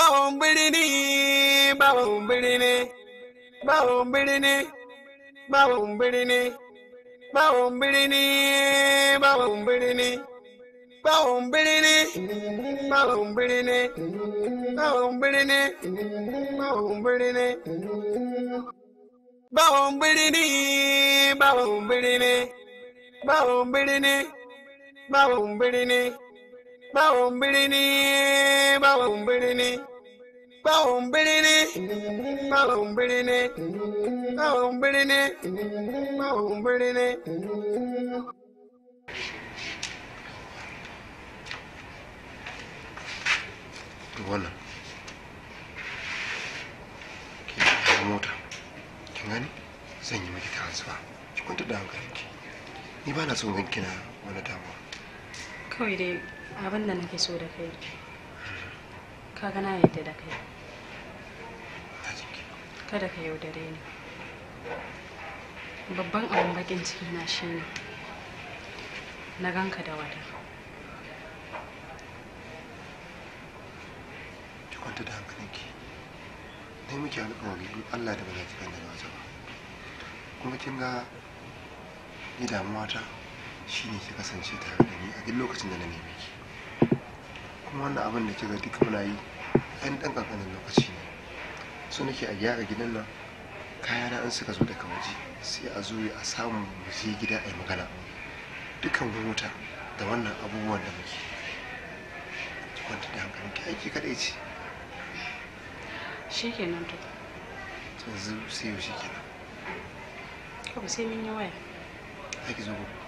Bawon birni, bawon birni, bawon birni, bawon birni, bawon birni, bawon birni, bawon birni, bawon birni, bawon birni, bawon birni. Bawon birni, bawon birni, bawon birni, bawon birni. Bawon birni, bawon birni. bawon birni bawon birni bawon birni bawon birni wannan ke da mota kin gani zan yi miki ki kwanta da hankalinki ni ba na son gan kina wani damuwa kawai dai abin da nake so da kai ka gana yadda da kai kada ka yaudare ni babban abin bakin ciki na ne, na ganka da wata ki kwanta da hankalinki na yi miki alƙawari in allah da ba za ki gane da wata ba kuma kin ga ni damuwa ta ne ki kasance tare da ni a duk lokacin da na neme ki kuma wannan abin da kika duk muna yi ɗan ɗan ƙanƙanin lokaci ne sun nake a gyara gidan nan kayana an suka zo daga waje sai a zo a samu mu gida a yi magana dukan wuta da wannan abubuwan da muke wanda da hankali ta yake kadai ce shi ke nan tuka yanzu sai yau shi ke kenan kawai sai mun yi waya za zo gobe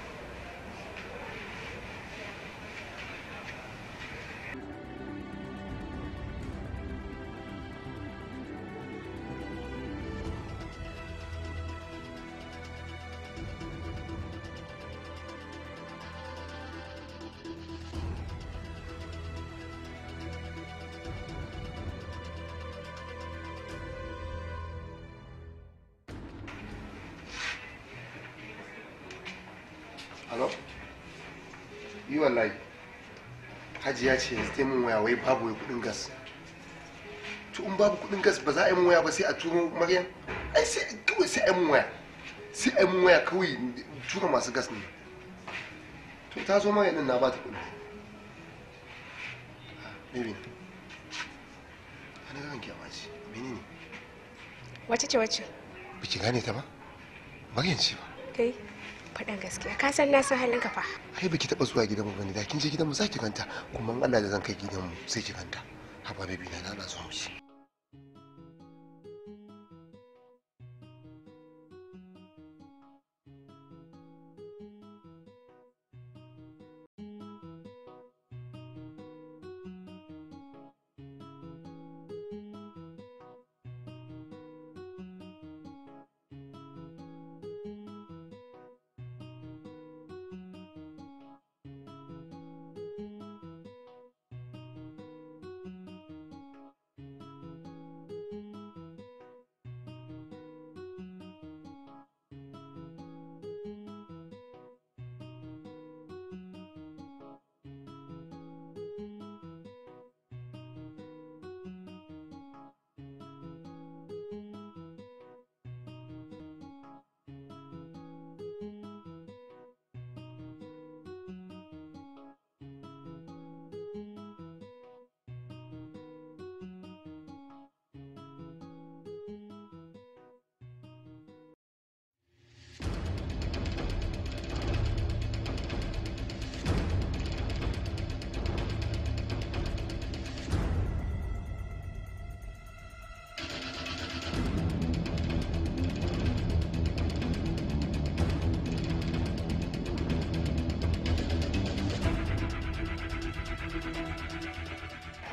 hajiya ce sai mun waya wai babu wai kudin gas to in babu kudin gas ba za a yi mun waya ba sai a turo maryam ai sai kawai sai a mun waya sai a mun waya kawai tura masu gas ne to ta zo maryam din na ba ta kudi Bibi, ana ganin kyama ce, menene? Wace ce wace? Biki gane ta ba? Maryam ce ba. Kai. okay. faɗan gaskiya ka san na san halin ka fa ai baki taba zuwa gidan mu bane da kin je gidan mu zaki ganta kuma Allah da zan kai gidan mu sai ki ganta haba baby na na zo mu shi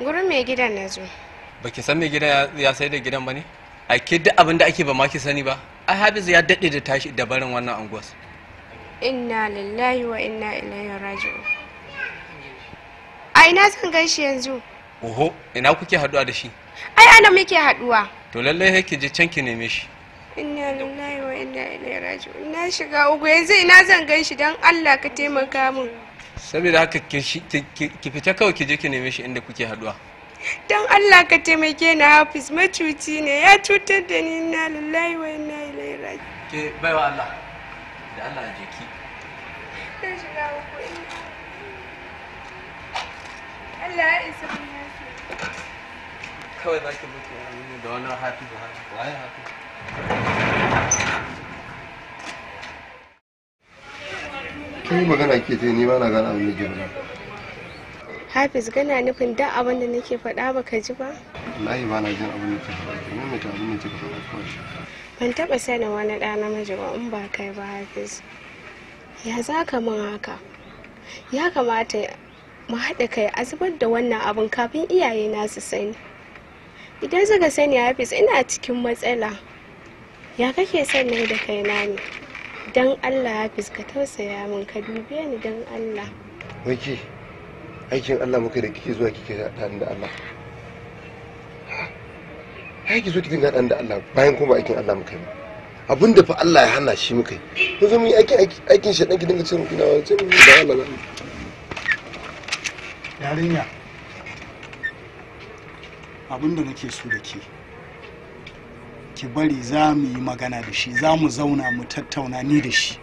gurin mai gidan na zo baki san mai gidan ya sai da gidan ba ne a ke duk abin da ake ba ma ki sani ba ai hafiz ya daɗe da tashi da barin wannan anguwas inna lillahi wa inna ilaihi raji'un a ina zan gan yanzu oho ina kuke haduwa da shi ai ana muke haduwa to lallai ki je can ki neme shi inna lillahi wa inna ilaihi raji'un na shiga ugu yanzu ina zan ganshi dan Allah ka taimaka min saboda haka ki fita kawai ki je ki neme shi inda kuke haduwa don allah ka taimake na hafiz macuci ne ya cutar da ni na lallai wa na ilai raji ke baiwa allah da allah ya je ki Allah ya isa mun kawai za ki mutu da wani hafiz hafi waye hafi? kai magana ke ta ni ba na gana abin da ke faɗa hafiz gana nufin da abin da nake faɗa ba ka ji ba wallahi ba na jin abin da ke faɗa ke mai mai tabbin da ke faɗa kawai ban taɓa sanin wani ɗa namiji ba in ba kai ba hafiz ya za ka min haka ya kamata mu haɗa kai a zubar da wannan abin kafin iyaye na su sani idan suka sani hafiz ina cikin matsala ya kake son da kaina ne don allah ya ka tausaya min ka dube ni don allah wake aikin allah muka da kike zuwa kike haɗa da allah ya ki kike ki dinga haɗa da allah bayan kuma aikin allah muka yi abin da fa allah ya hana shi muka yi mun zo mun yi aikin aikin shaɗan ki dinga cin kina wani cin da allah ba yarinya abin da nake so da ke ki bari za mu yi magana da shi za mu zauna mu tattauna ni da shi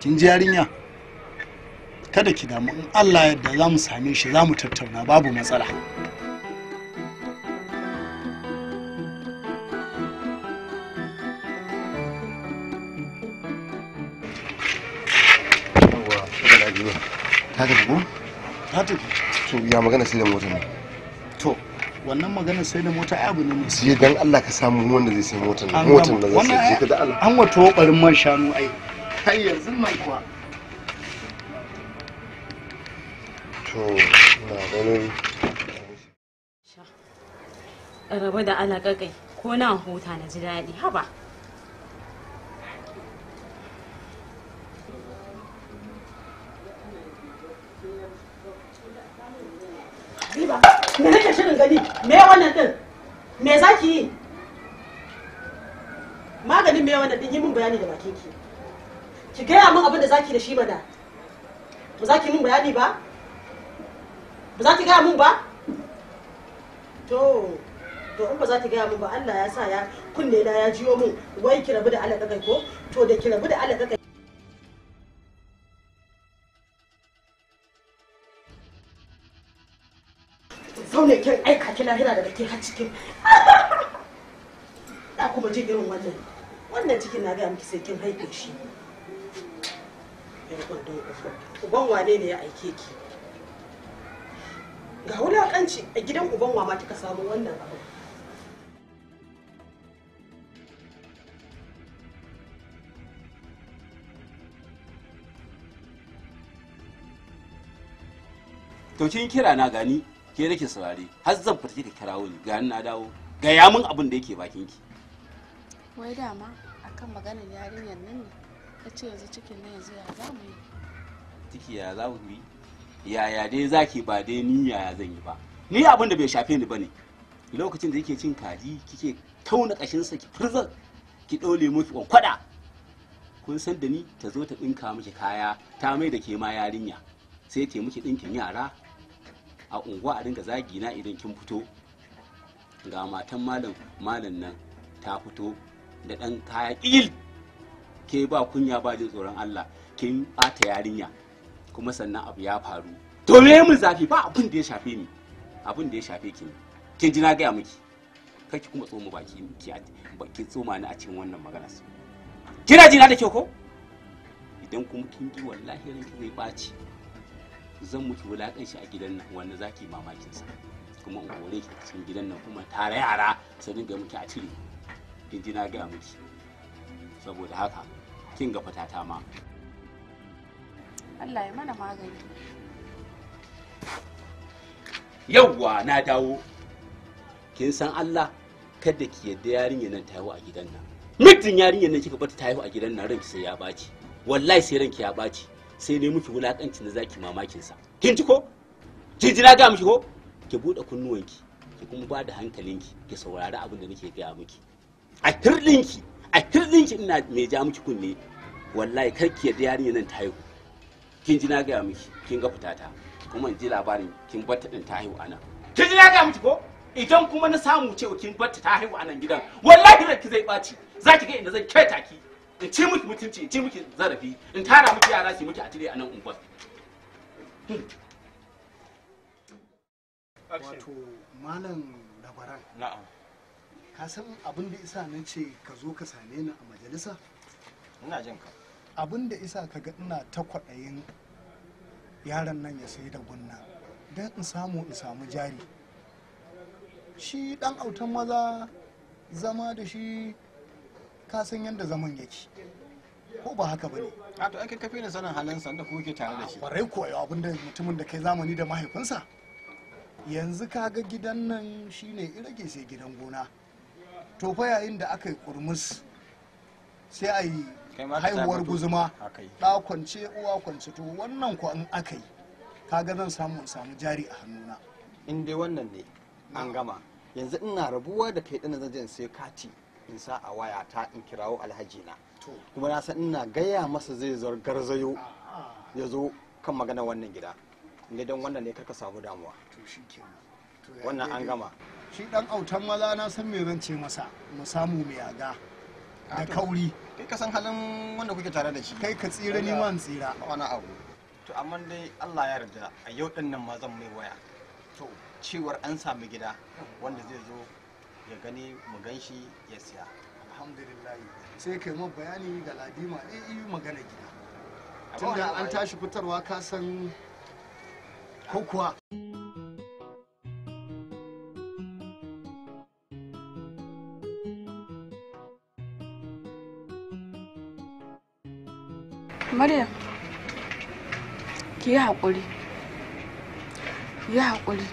kin ji yarinya kada ki damu in allah yadda za mu same shi za mu tattauna babu matsala ta tafi ko? ta tafi to ya magana sai da motar to wannan maganar sai da mota abu ne mai sai dan Allah ka samu wanda zai sai motar nan motar nan zai sai ka da Allah an wato barin man shanu ai kai yanzu nan kuwa to na ganin raba da alaƙa kai ko na huta na ji daɗi haba gani me wannan din me za ki yi maganin me wannan din yi min bayani da bakin ki ki gaya min abin da za ki da shi mana ba za ki min bayani ba ba za ki gaya min ba to to in ba za ki gaya min ba Allah ya sa ya kunne na ya jiyo min wai ki rabu da Allah kai ko to da ki rabu da Allah kai ki lahira daga ke har cikin da kuma ji irin wannan wannan cikin na gaya miki sai kin haife shi uban wane ne ya aike ki ga wulakanci a gidan uban wa ma kika samu wannan abu to kin kira na gani ke nake saurare har zan fita kika kirawo ni ga na dawo ga ya min abin da yake bakin ki wai dama akan maganar yarinyar nan ne kace yanzu cikin ne yanzu ya za mu yi ciki ya za mu yi yaya dai zaki ba dai ni ya zan yi ba ni abin da bai shafe ni bane lokacin da yake cin kaji kike tauna sa ki furzar ki dole miki kwankwada kun san da ni ta zo ta dinka miki kaya ta mai da ke ma yarinya sai ta miki dinkin yara a unguwa a dinga zagi na idan kin fito ga matan malam malam nan ta fito da ɗan kaya il ke ba kunya ba jin tsoron Allah kin bata yarinya kuma sannan abu ya faru to me mun zafi ba abun da ya shafe ni abun da ya shafe ki kin ji na gaya miki kake kuma tso mu baki ki baki ma ni a cikin wannan magana kina ji na da kyau ko idan kuma kin ji wallahi ranki zai ɓaci zan mutu wulakan shi a gidan nan wanda zaki mamakin sa kuma in kore ki cikin gidan nan kuma tare yara sai dinga miki a cire in ji na ga miki saboda haka kin ga fatata ma Allah ya mana magani yawwa na dawo kin san Allah kada ki yadda yarinya nan ta haihu a gidan nan muddin yarinya nan kika bata ta haihu a gidan nan ranki sai ya baci wallahi sai ranki ya baci sai ne miki wulakancin da zaki mamakin sa kin ji ko kin ji na ga miki ko ki bude kunnuwanki ki kuma ba da hankalinki ki saurari abin da nake gaya miki a hirɗinki a hirɗinki ina mai ja miki kunne wallahi kar ki yarda yarinya nan ta haihu kin ji na ga miki kin ga fitata kuma in ji labarin kin bar ta din ta haihu ana kin ji na ga miki ko idan kuma na samu cewa kin bar ta ta haihu anan gidan wallahi ranki zai ɓaci za ki ga inda zan keta ki in ce miki mutunci in ce miki zarafi in tara miki yara su miki a tire a nan unguwar wato malam labaran na'am ka san abin da isa na ce ka zo ka same ni a majalisa ina jin ka abin da isa ka ga ina ta kwaɗayin yaron nan ya sai da gunna don in samu in samu jari shi dan autan maza zama da shi ka san yadda zaman yake ko ba haka bane a to ake kafe ne sanin halin san da kuke tare da shi kwarai abin da mutumin da kai zamani da mahaifinsa yanzu kaga gidan nan shine irage sai gidan gona to fa yayin da aka yi kurmus sai a yi haihuwar guzuma ɗa kwance uwa kwance to wannan ko an aka yi kaga zan samu samu jari a hannuna in dai wannan ne an gama yanzu ina rabuwa da kai ɗin zan je sai kati in sa a waya ta in kirawo alhaji na kuma na san ina gaya masa zai zargar garzayo ah, ah. ya zo kan magana wannan gida ne don wannan ne kaka samu damuwa wannan an gama shi dan autan maza na san me zan ce masa mu samu mu yaga ah, da kauri kai ka san halin wanda kuke tare da shi kai ka tsira ni ma in tsira wani abu to amma dai Allah ya yarda a yau din nan ma zan mai waya to cewar an samu gida wanda zai zo ya gani mu gan shi ya siya alhamdulillah sai kai mu bayani ga ladima eh, eh magana gida tunda an tashi fitarwa ka san ko kuwa Maryam, ki yi haƙuri, ki yi haƙuri,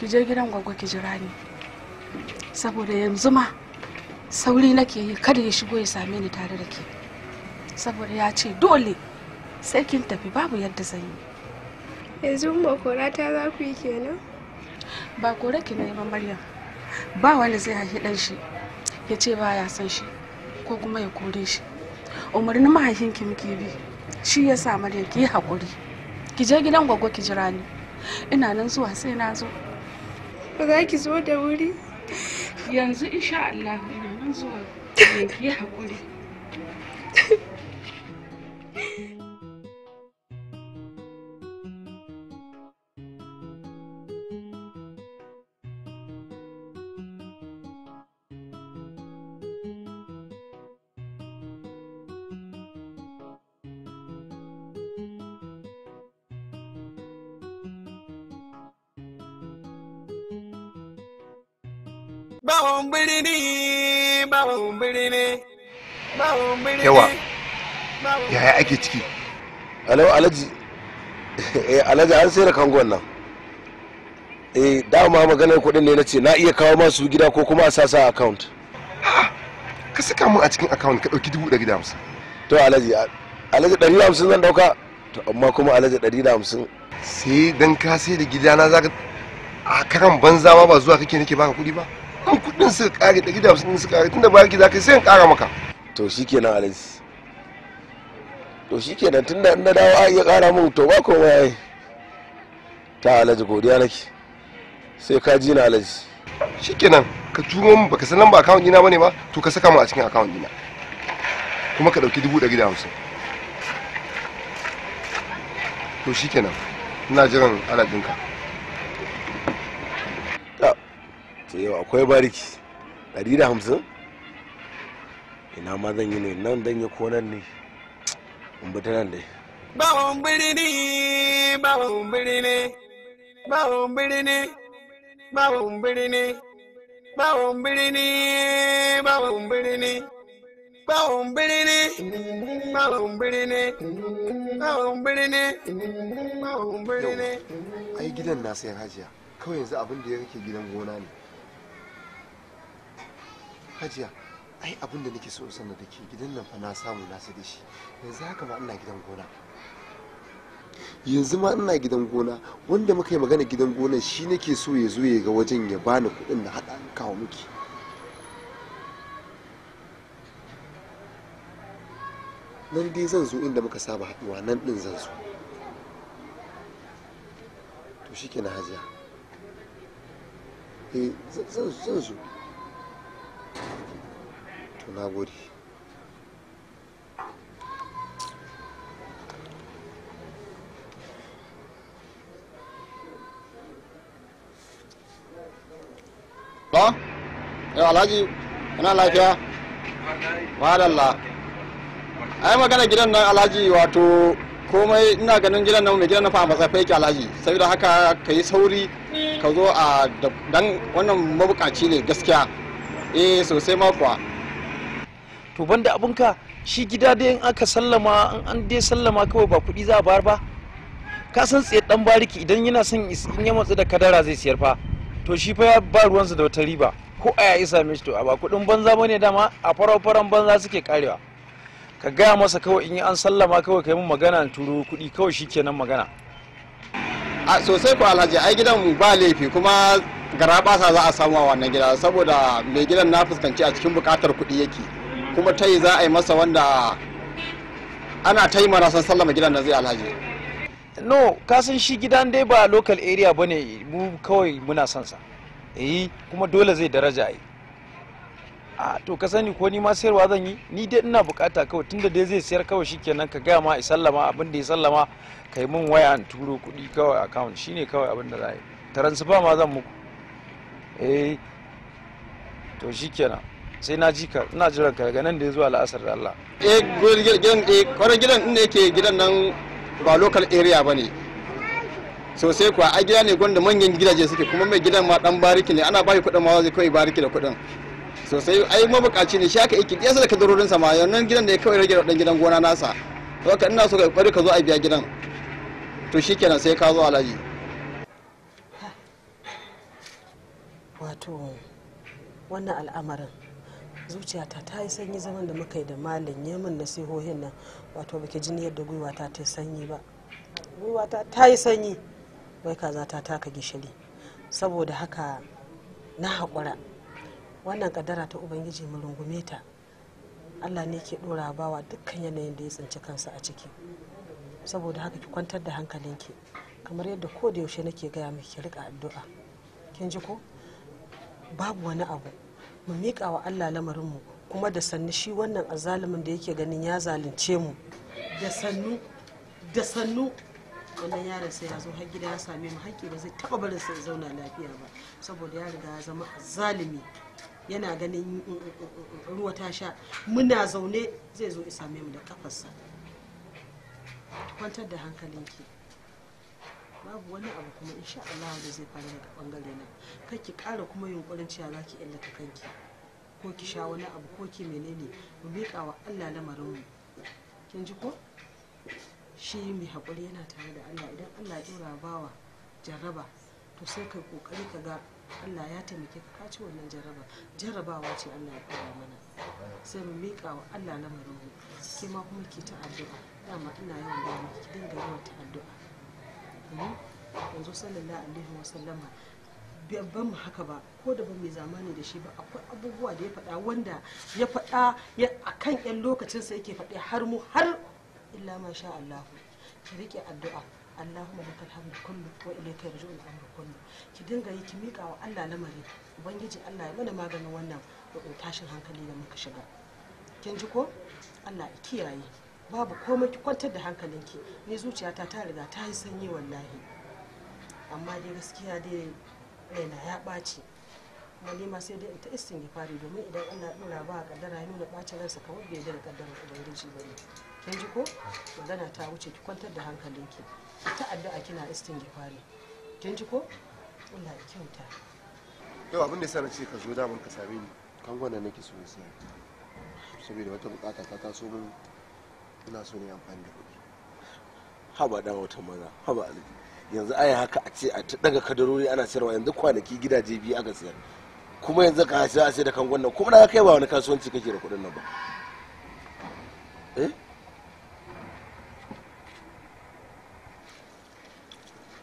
ki je gidan gwaggo ki jira ni. saboda yanzu ma sauri nake yi kada ya shigo ya same ni tare da ke saboda ya ce dole sai kin tafi babu yadda zan yi yanzu ba kora ta za ku yi kenan ba kora ki ne ba maryam ba wanda zai haifi dan shi ya ce ba ya san shi ko kuma ya kore shi mahaifin ki muke bi shi ya sa maryam ki yi haƙuri ki je gidan gwaggo ki jira ni ina nan zuwa sai na zo ba za ki zo da wuri yanzu insha Allah ina nan zuwa eh, yanki haƙuri yawa yaya ake ciki alau alaji eh alaji an sai da kangon nan eh dama maganar kuɗin ne na ce na iya kawo masu gida ko kuma a sasa account ka saka mu a cikin account ka ɗauki dubu ɗari da hamsin to alaji alaji ɗari da hamsin zan ɗauka to amma kuma alaji ɗari da hamsin sai dan ka sai da gidana zaka a karan banza ma ba zuwa kake nake baka kuɗi ba in kuɗin su kare ɗari da hamsin su kare, tunda ba ki za ka sai in ƙara maka to shi nan alaji to shi nan tunda na dawo a iya kara mun to ba komai ai ta alaji godiya nake sai ka ji na alaji shi nan ka turo mun baka san lamba account dina bane ba to ka saka mu a cikin account dina kuma ka dauki dubu ɗari da hamsin to shi nan ina jiran alajinka. ta yau akwai bariki ɗari da hamsin ina ma zan yi ne nan zan yi ko nan ne in bi ta nan dai bawon birni bawon birni bawon birni birni birni birni birni birni birni birni ai gidan na hajiya kawai yanzu abin da ya rike gidan gona ne hajiya ai abin da nake so sanar da ke gidan nan fa na samu na da shi yanzu haka ma ina gidan gona yanzu ma ina gidan gona wanda muka yi magana gidan gona shi nake so ya zo ya ga wajen ya bani kuɗin da haɗa kawo miki nan dai zan zo inda muka saba haɗuwa nan ɗin zan zo to shi ke na hajiya eh zan zo to na gode ba yau alhaji kana lafiya madalla ai magana gidan nan alhaji wato komai ina ganin gidan nan mai gidan nan fa matsafa ki alhaji saboda haka ka yi sauri ka zo a dan wannan mabukaci ne gaskiya eh sosai ma kwa. to banda abinka shi gida dai in aka sallama in an dai sallama kawai ba kuɗi za a bayar ba ka san tsaye dan bariki idan yana son in ya matsu da kadara zai siyar fa to shi fa ya ba ruwansa da wata riba ko a ya isa mishi to a ba kuɗin banza bane dama a farau faran banza suke karewa ka gaya masa kawai in an sallama kawai kai mun magana turo kuɗi kawai shikenan magana a sosai ko alhaji ai gidan ba laifi kuma gara sa za a samu a wannan gida saboda mai gidan na fuskanci a cikin bukatar kuɗi yake kuma ta yi za a yi masa wanda ana ta yi marasan sallama gidan nan zai alhaji no san shi gidan dai ba local area ba ne mu kawai muna son sa eh kuma dole zai daraja yi a to ka sani ko ni ma sayarwa zan yi ni dai ina bukata kawai tunda dai zai sayar kawai shikenan ka gaya ma a sallama abin da ya sallama kai min waya an turo kuɗi kawai account shine kawai abin da za a yi transfer ma zan muku eh to shikenan sai na ji ka ina jiran ka daga nan da ya zuwa la'asar da Allah eh gidan eh kwarar gidan inda yake gidan nan ba local area bane sosai kuwa a gida ne gwanda manyan gidaje suke kuma mai gidan ma dan bariki ne ana ba shi kuɗin ma zai kawai bariki da kuɗin sosai ai mabukaci ne shi aka iki yasa da kadarorin sa ma yannan gidan da ya kawai rage dan gidan gona nasa to ka ina so ka kware ka zo a biya gidan to shikenan sai ka zo alaji wato wannan al'amarin zuciyata ta yi sanyi zaman da muka yi da malin yamin nasihohin nan wato baki jini yadda gwiwata ta yi sanyi ba gwiwata ta yi sanyi wai kaza ta taka gishiri saboda haka na haƙura wannan kadara ta ubangiji mu rungume ta allah ne ke ɗora bawa dukkan yanayin da ya tsinci kansa a ciki saboda haka ki kwantar da hankalinki kamar yadda ko da yaushe nake gaya miki ki rika addu'a kin ji ko babu wani abu mu miƙa wa allah lamarinmu kuma da sannu shi wannan azalimin da yake ganin ya zalunce mu da sannu da sannu wannan yaron sai ya zo har gida ya same mu hakki ba zai taɓa barin sai zauna lafiya ba saboda ya riga ya zama azalimi yana ganin mm, mm, mm, ruwa ta sha muna zaune zai zo isa mu da kafarsa kwantar da hankalinki babu wani abu kuma insha Allah da zai fara daga bangare na kar ki kara kuma yunkurin cewa za ki illata kanki ko ki sha wani abu ko ki menene mu miƙa wa Allah lamarin mu kin ji ko shi mai haƙuri yana tare da Allah idan Allah ya dora bawa jarraba to sai kai kokari ka ga Allah ya taimake ka kaci wannan jaraba jarrabawa ce Allah ya kawo mana sai mu miƙa wa Allah lamarin mu ke ma kuma ki ta addu'a dama ina yawan da ki dinga yawan ta addu'a kakanni yanzu sallallahu alaihi wasallama ban mu haka ba ko da ba mai zamani da shi ba akwai abubuwa da ya faɗa wanda ya faɗa a kan yan lokacinsa yake faɗi har mu har illa ma sha Allah ki rike addu'a Allahumma lakal hamdu kullu wa ilayka yarji'u al-amru kullu ki dinga yi ki mika wa Allah lamari ubangiji Allah ya mana maganin wannan tashin hankali da muka shiga kin ji ko Allah ya kiyaye babu komai ki kwantar da hankalinki ni zuciyata ta riga ta yi sanyi wallahi amma dai gaskiya dai raina ya ɓaci malima sai dai ita istin ya fari domin idan ana nuna ba a kaddara ya nuna ɓacin ransa kamar bai da kaddara ubangiji ba ne kin ji ko magana ta wuce ki kwantar da hankalinki ta addu'a kina istin ya fari kin ji ko Allah ya kyauta yau abin da yasa na ce ka zo mun ka same ni kan gwana nake so ya saboda wata bukata ta taso mun. ina so ne amfani da kuɗi haba dan wata maza haba alji yanzu ai haka a ce a ta daga kadarori ana sayarwa yanzu kwanaki gidaje biyu aka sayar kuma yanzu ka hasi a sai da kangon nan kuma da kai ba wani kasuwanci kake da kuɗin nan ba eh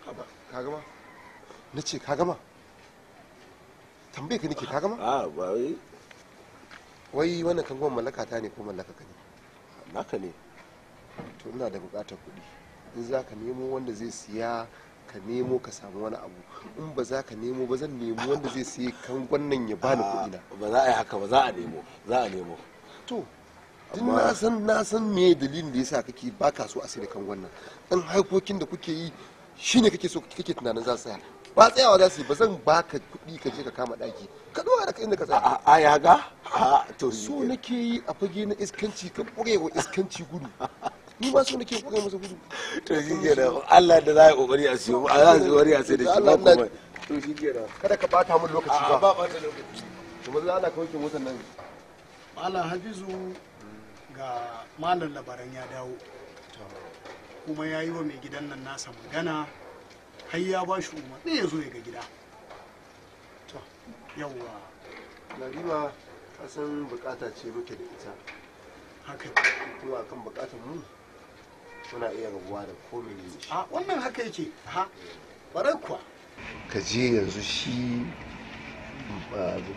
haba ka gama na ce ka gama tambaye ka nake ka gama a ah, ba wai wai wannan kangon mallaka ta ne ko mallaka ka ne mallaka ne to ina da bukatar kuɗi in za ka nemo wanda zai siya ka nemo ka samu wani abu in ba za ka nemo ba zan nemo wanda zai siya kan gwannan ya bani ah, kuɗi na ba za a yi haka ba za a nemo za a nemo to din na san na san me dalilin da yasa kake ba ka so a sai da kan gwannan dan haikokin da kuke yi shine kake so kake tunanin za su tsaya ba tsayawa za su yi ba zan ba ka kuɗi ka je ka kama ɗaki ka dawo da inda ka tsaya a ya ga to so nake yi a fage na iskanci ka kurewa wa iskanci gudu ni ba su ke kuka masa gudu to shi da Allah da za a yi kokari a siyo a za a kokari a sai da shi ba kuma to shi da kada ka bata mun lokaci ba ba bata lokaci za a ana ke motar nan malam Hafizu ga malam labaran ya dawo kuma ya yi wa mai gidan nan nasa magana har ya ba shi umarni ya zo ya ga gida yawwa lariba kasan bukata ce muke da ita haka kuma akan bukatar mu suna iya rabuwa da komi a wannan haka yake ha barai kuwa ka je yanzu shi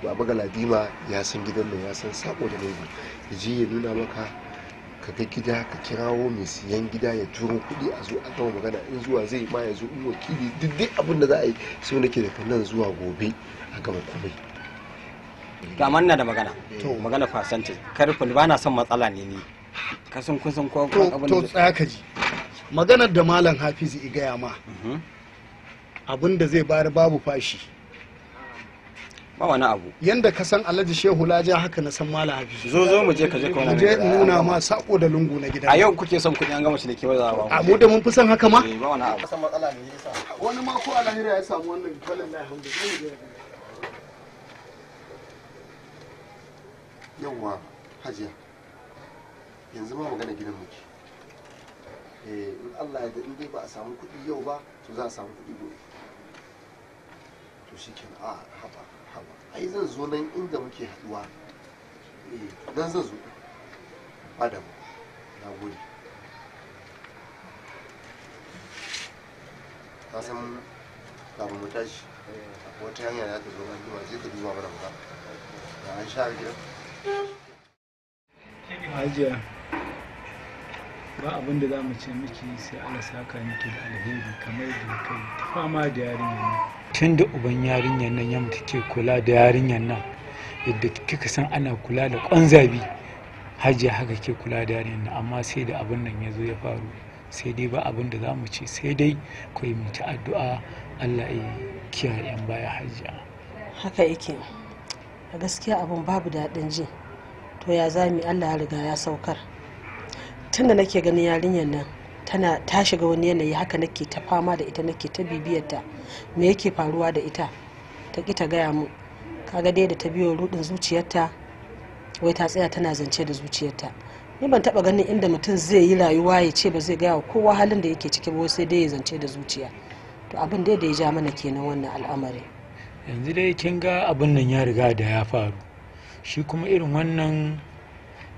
baba galadima ya san gidan nan ya san sako da laifi ya je ya nuna maka ka ga gida ka kirawo mai siyan gida ya turo kuɗi a zo a gama magana in zuwa zai ma ya zo in wakili duk dai abin da za a yi sau nake daga nan zuwa gobe a gama komai ga na da magana magana fasanti karfin ba na son matsala ne ni kasan kusan kwa kwa abin to tsaka ji maganar da malam hafizu i gaya ma mhm. abin da zai bayar babu fashi ba wani abu yanda kasan san alhaji shehu laja haka na san malam hafizu zo zo mu je ka je ka wani je nuna ma sako da lungu na gida a yau kuke son kuɗi an gama shi da ke wazawa ba a mu da mun fi son haka ma eh, ba wani abu san matsala ne yasa wani ma alahira ya samu wannan kalan lahamdu yawwa hajiya yanzu ma magana gidan muke eh in Allah ya da in dai ba a samu kuɗi yau ba to za a samu kuɗi gobe to shikenan a haba haba ai zan zo nan inda muke haɗuwa eh dan zan zo ba da na gode ta san kafin mu tashi wata hanya za ta zo ban zuwa zai ta duba bara ba da an sha gidan Hajiya. ba abin da za mu ce miki sai Allah saka miki da alheri kamar da kai ta fama da yarinyar nan tun da uban yarinyar nan yamma take kula da yarinyar nan yadda kika san ana kula da ƙwanzabi hajiya haka ke kula da yarinyar nan amma sai da abin nan ya zo ya faru sai dai ba abin da za mu ce sai dai ku yi ta addu'a Allah ya kiyaye yan baya hajji. haka yake a gaskiya abin babu daɗin ji to ya zami Allah ya riga ya saukar tun da nake ganin yarinyar nan tana ta shiga wani yanayi haka nake ta fama da ita nake ta bibiyarta me yake faruwa da ita ta ki ta gaya mu kaga dai da ta biyo rudin zuciyarta wai ta tsaya tana zance da zuciyarta ni ban taba ganin inda mutum zai yi rayuwa ya ce ba zai gaya wa kowa halin da yake ciki ba sai dai ya zance da zuciya to abin dai da ya ja mana kenan wannan al'amari yanzu dai kin ga abin nan ya riga da ya faru shi kuma irin wannan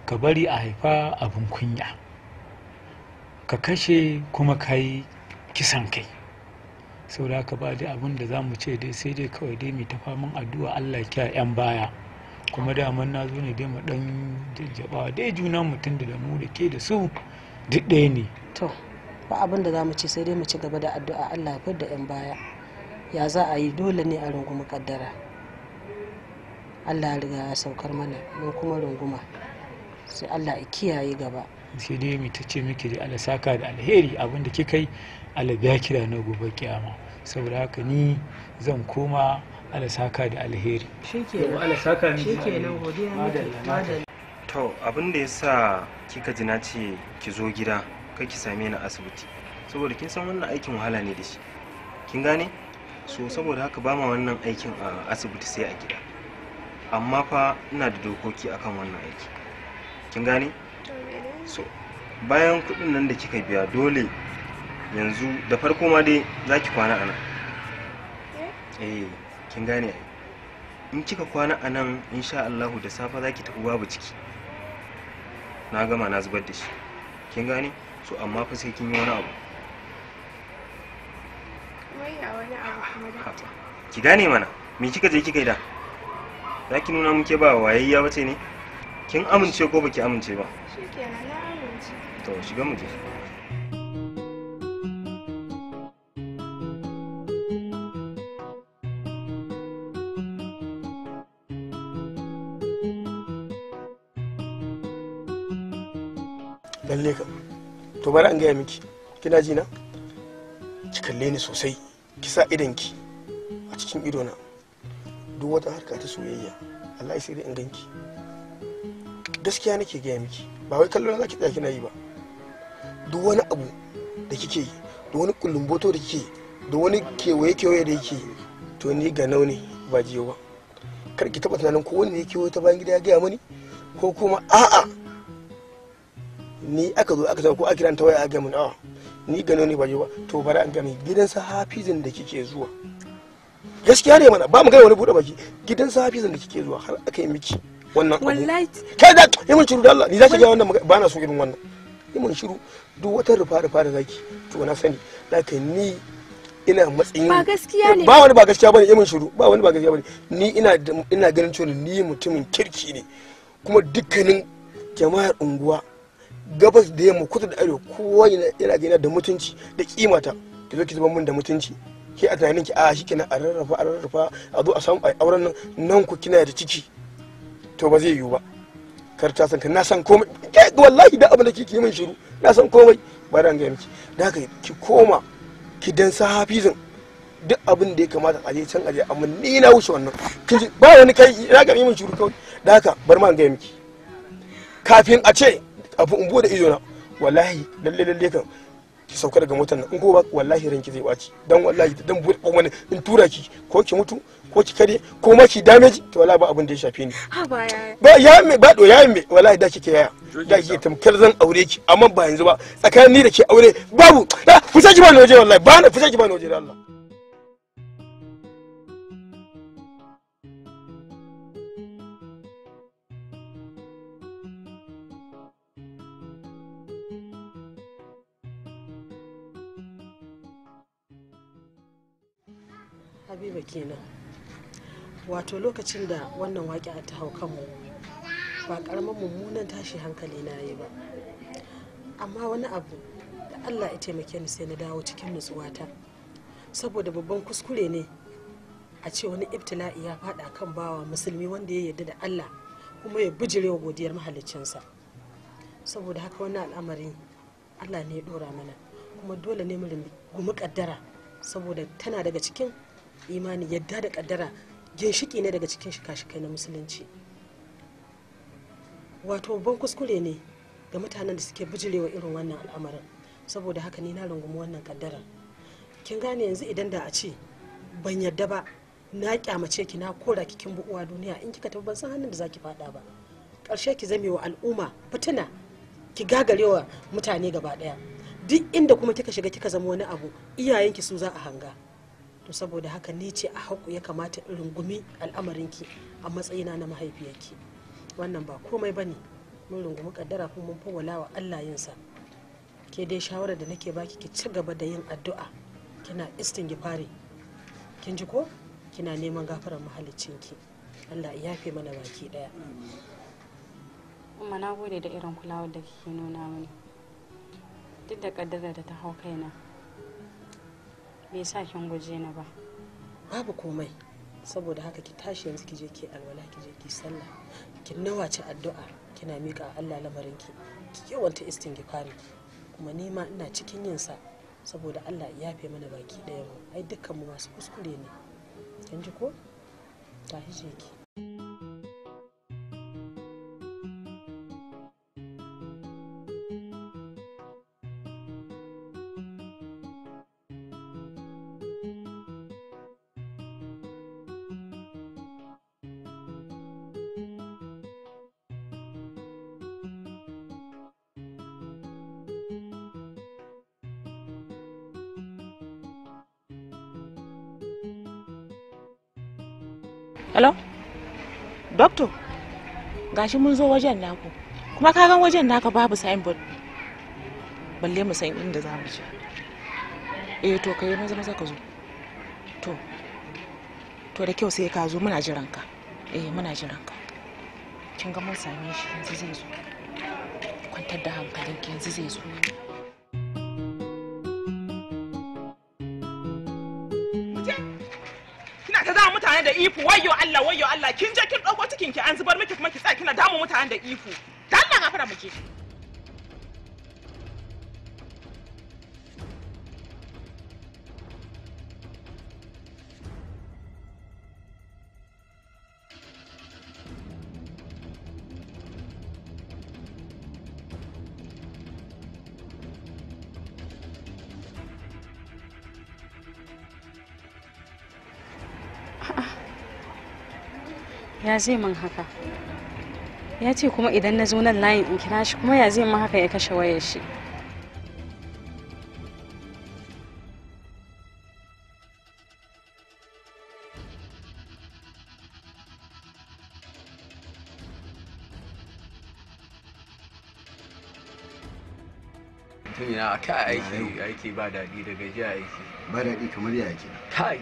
ka bari a haifa abin kunya ka kashe kuma ka yi kisan kai saboda haka ba da abin da za mu ce dai sai dai kawai dai mai ta faman addu'a allah kya 'yan baya kuma daman na zo ne dai mu dan jajjaba dai juna mutum da mu da ke da su duk ɗaya ne to ba abin da za mu ce sai dai mu ci gaba da addu'a allah ya da 'yan baya ya za a yi dole ne a runguma kaddara allah ya riga ya saukar mana mun kuma runguma sai allah ya kiyaye gaba sai dai mai ta ce miki da alasaka da alheri abinda kika yi alabiya kira na gobe kiyama saboda haka ni zan koma alasaka da alheri to abin da ya sa kika ji na ce ki zo gida kai ki same ni asibiti saboda kin san wannan aikin wahala ne da shi kin gane so saboda haka ba ma wannan aikin a asibiti sai a gida amma fa ina da dokoki akan wannan aiki kin gane so bayan kuɗin nan da kika biya dole yanzu da farko ma dai za ki kwana a nan eh, eh kin gane in kika kwana a nan insha Allahu da safa za ki tafi babu ciki na gama na zubar da shi kin gane so amma fa sai kin yi wani abu ki gane mana me kika je kika yi da za ki nuna muke ba wayayya wace ne kin amince ko baki amince ba shikenan to shiga mu lalle ka to bari an gaya miki kina ji na ki kalle ni sosai kisa idonki a cikin ido na duk wata harka ta soyayya Allah ya sai in ganki gaskiya nake gaya miki ba wai kallon ki tsaya kina yi ba duk wani abu da kike yi duk wani kullumboto da kike duk wani kewaye-kewaye da yake to ni ga nauni ba jiyo ba kar ki taba tunanin ko wanne ne kewaye ta bayan gida ya gaya mani ko kuma a'a ni aka zo aka zo ko a kiran ta waya a gaya mani a'a ni ga nauni ba jiyo ba to bari an gami sa hafizin da kike zuwa gaskiya ne mana ba mu gaya wani bude baki sa hafizin da kike zuwa har aka yi miki wannan abu wallahi kai da yi mun shiru da Allah ni za ki ga wannan ba na so irin wannan yi mun shiru duk wata rufa rufa da zaki to na sani da ka ni ina matsayin ba gaskiya ne ba wani ba gaskiya bane yi mun shiru ba wani ba gaskiya bane ni ina ina ganin cewa ni mutumin kirki ne kuma dukkanin jama'ar unguwa gabas da yamma kusa da arewa kowa yana gina da mutunci da kimata ki zo ki zama mun da mutunci ke a tunanin ki a ah, shi a rarrafa a rarrafa a zo a samu a auren nan nan ku kina da ciki to ba zai yiwu ba kar ta san ka na san komai wallahi da abin da kike min shiru na san komai ba da ga miki da ka ki koma ki dan sahafizin duk abin da ya kamata a je can aje amma ni na wuce wannan kin ji ba wani kai na ga min shiru kawai da ka bar ma ga miki kafin a ce abu in da ido na wallahi lalle lalle kan ki sauka daga motar nan in ko wallahi ranki zai baci dan wallahi dan bude wani in tura ki ko ki mutu ko ki kare ko ma ki damage to wallahi ba abin da ya shafe ni ba ya me ba do ya me wallahi da kike yaya da kike tamkar zan aure ki amma ba yanzu ba tsakanin ni da ke aure babu ah, fita ki ba ni waje wallahi ba na fita ki ba ni waje Allah Habiba kenan. wato lokacin da wannan waƙi ta hau kanmu ba ƙaramin mummunan tashi hankali na yi ba amma wani abu da allah ya taimake ni sai na dawo cikin nutsuwata saboda babban kuskure ne a ce wani ibtila'i ya fada kan bawa musulmi wanda ya yarda da allah kuma ya bijirewa godiyar mahaliccinsa saboda haka wani al'amari allah ne ya dora mana kuma dole ne mu gumi kaddara saboda tana daga cikin imani yadda da kaddara ginshiki ne daga cikin shika-shikai na musulunci wato ban kuskure ne ga mutanen da suke bijirewa irin wannan al'amarin saboda haka ne na rungumi wannan kaddara kin gane yanzu idan da a ce ban yadda ba na kyamace ki na kora kikin bu'uwa duniya in kika tafi ban san hannun da zaki faɗa ba karshe ki zame wa al'umma fitina ki gagarewa mutane gaba daya duk inda kuma kika shiga kika zama wani abu iyayenki su za a hanga to saboda haka ni ce a haƙu ya kamata in rungumi al'amarinki a matsayina na mahaifiyarki wannan ba komai ba ne mun rungumi kaddara kuma mun fawwala wa Allah yinsa ke dai shawarar da nake baki ki ci gaba da yin addu'a kina istingifari kin ji ko kina neman gafarar mahaliccinki Allah ya yafe mana baki daya amma na gode da irin kulawar da kike nuna mini duk da kaddara da ta hau kaina me sa kin guje na ba babu komai saboda haka ki tashi yanzu ki je ki alwala ki je ki sallah ki nawace addu'a kina mika Allah lamarin ki ki yawanta istighfari kuma ni ma ina cikin yin sa saboda Allah ya yafe mana baki daya mu ai dukkan mu masu kuskure ne kin ji ko tashi je ki gashi mun zo wajen naku kuma ka gan wajen naka babu signboard balle mu san inda za mu je eh to kai maza maza ka zo to to da kyau sai ka zo muna jiran ka eh muna jiran ka kin ga mun same shi yanzu zai zo kwantar da hankalinki yanzu zai zo mutane da ifu wayo Allah wayo Allah kin je kin dauko cikin ki an zubar miki kuma ki sa kina damu mutane da ifu dan Allah fara miki ya zai man haka ya ce kuma idan na zo nan layin in kira shi kuma ya zai min haka ya kashe wayar shi tumina a kai aiki aiki ba daɗi daga jiya aiki ba daɗi kamar ya aiki kai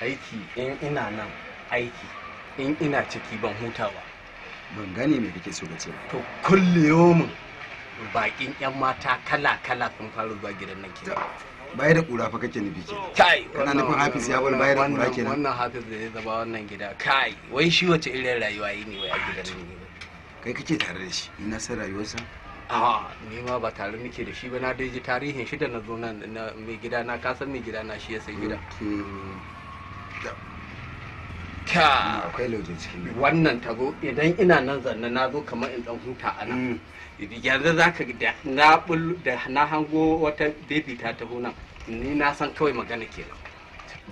aiki in ina nan aiki in ina ciki ban hutawa. ban gane me kake so ka ce to kulle yomin bakin yan mata kala kala sun fara zuwa gidan nan kenan bai da kura fa kake nufi kenan kai kana nufin hafiz ya bar bai da kura kenan wannan hafiz da ya zaba wannan gida kai wai shi wace irin rayuwa yi ne wai a gidan nan kai kake tare da shi ina san rayuwarsa a ni ma ba tare nake da shi ba na dai ji tarihin shi da na zo nan mai gida na kasan mai gida na shi ya sai gida ta wannan tago idan ina nan zanna na zo kamar in dan huta a nan mm. yanzu za ka da na da na hango wata baby ta taho nan ni na san kawai magana nan,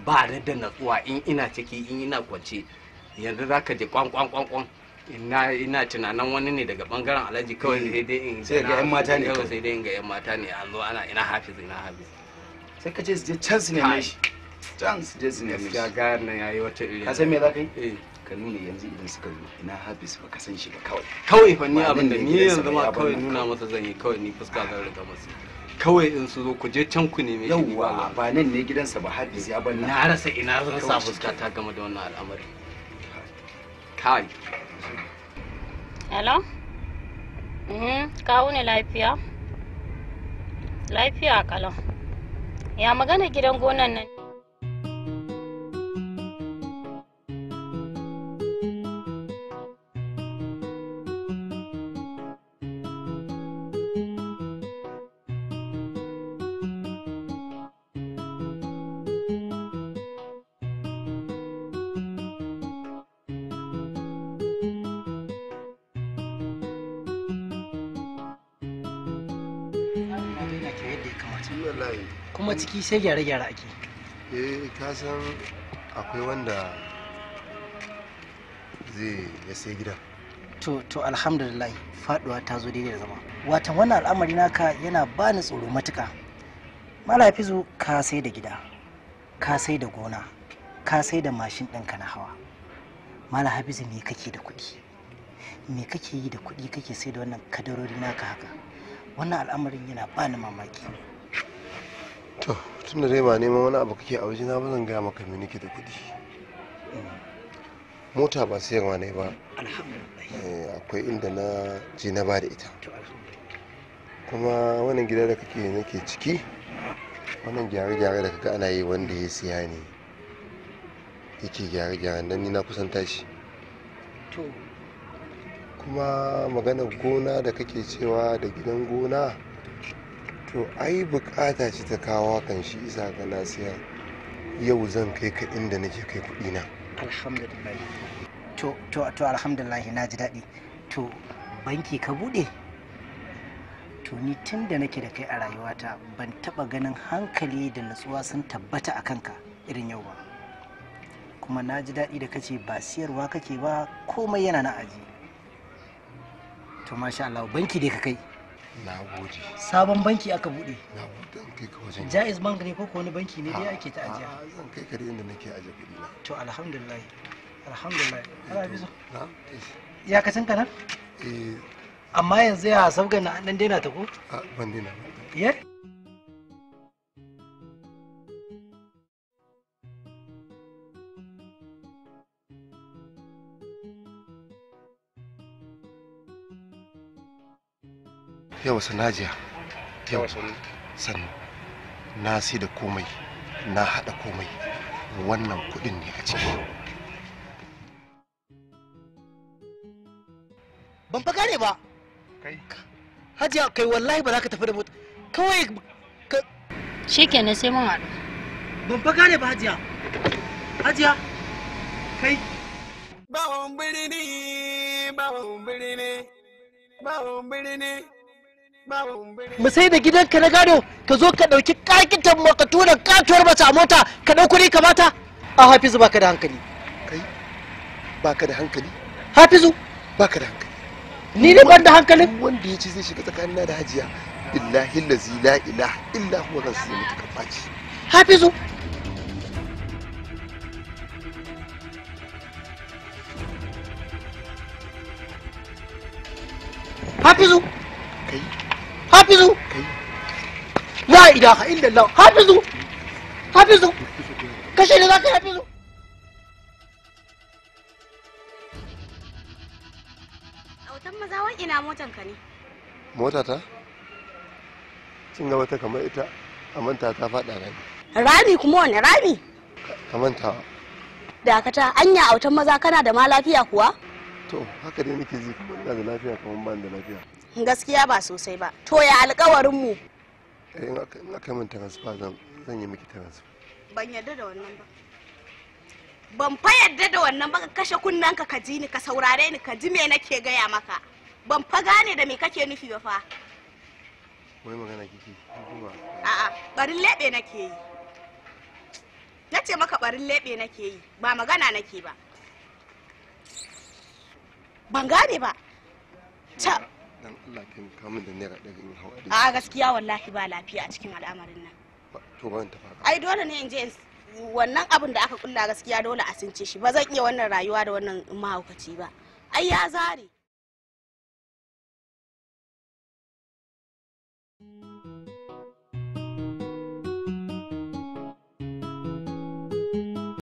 ba da da natsuwa in ina ciki in ina kwance yanzu za ka je kwan kwan kwan kwan ina ina tunanin wani ne daga bangaren alhaji kawai mm. sai dai in sai ga yan mata ne kawai sai dai in ga yan mata ne an zo ana ina hafiz ina hafiz sai ka ce su je can su ne shi chance dai su ne gaskiya gayar nan yayi wata iri ka san me za ka yi eh. ka nuna yanzu idan suka zo ina habis ba ka san shi ba kawai kawai fa ni abin da ni yanzu ma kawai nuna masa zan yi kawai ni fuska zan riga masa kawai in su zo ku je can ku neme shi ba ba nan ne gidansa ba habis ya ban na rasa ina zan sa fuska ta gama da wannan al'amari kai hello mm-hmm. kawo ne lafiya lafiya kalau ya magana gidan gonan nan ciki sai gyare-gyare ake eh ka san akwai wanda zai ya sai gida to to alhamdulillah faduwa ta zo daidai da zama watan wannan al'amari naka yana bani tsoro matuka fizu ka sai da gida ka sai da gona ka sai da mashin ɗinka na hawa mala hafizu me kake da kuɗi me kake yi da kuɗi kake sai da wannan kadarori naka haka wannan al'amarin yana bani ni mamaki to tun da dai ba neman wani abu kake a waje na ba zan gaya maka me nake da kuɗi mota ba sayarwa ne ba eh, akwai inda na je na ba da ita kuma wannan gida da kake nake ciki wannan gyare-gyare da kaga ana yi wanda ya siya ne yake gyare gyare don ni na kusan tashi kuma maganar gona da kake cewa da gidan gona to ai bukata ce ta kawo kan shi isa ga nasiya yau zan kai ka inda nake kai kuɗi na to to alhamdulillah na ji daɗi to banki ka buɗe? to ni tun da nake da kai a rayuwata ban taɓa ganin hankali da natsuwa sun tabbata a kanka irin yau ba kuma na ji daɗi da kace ba siyarwa kake ba komai yana na aji to masha Allah banki dai ka kai sabon banki aka buɗe jaiz bank ne ko wani banki ne dai ake ta ajiya zan kai ka inda nake aje kuɗi na to alhamdulillah alhamdulillah ala eh, bizo eh. ya ka san kana eh. amma yanzu ya sabga na dan daina ta ko ban daina ba ye yau sanajiya yau sannu na sai da komai na haɗa komai wannan kuɗin ne a ciki ban fa gane ba kai hajiya kai wallahi ba za ka tafi da mota kawai ka shikenan sai mun haɗu ban fa gane ba hajiya hajiya kai bawon birni bawon birni bawon birni mu sai da gidanka na gado ka zo ka dauki kakitan mu ka tura katuwar mace a mota ka dauko ne kamata a hafizu baka da hankali kai baka da hankali hafizu baka da hankali ni ne ban da hankalin wanda ya ce zai shiga tsakanina da hajiya billahi lazi la ilaha illa huwa zan sai mutu ka hafizu hafizu hafizu la ilaha illallah hafizu hafizu kashe ne za ka hafizu autan maza wan ina motan ka ne mota ta kin ga wata kamar ita a manta ta fada rami rami kuma wani rami ka manta dakata anya autan maza kana da ma lafiya kuwa to haka dai nake ji kuma ina da lafiya kuma ban da lafiya gaskiya ba sosai ba to ya alkawarin mu eh, na kai mun transfer zan yi miki transfer ban yarda da wannan ba ban fa yarda da wannan ba ka kashe kunnan ka ji ni ka saurare ni ka ji me nake gaya maka ban fa gane da me kake nufi ba fa wai magana kike a'a barin lebe nake yi na ce maka barin lebe nake yi ba magana nake ba ban gane ba ta dan Allah taimaka min da naira ɗari in hawa a gaskiya wallahi ba lafiya a cikin al'amarin nan to ban ta fara ai dole ne in je wannan abin da aka kulla gaskiya dole a sunce shi ba zan iya wannan rayuwa da wannan mahaukaci ba ai ya zare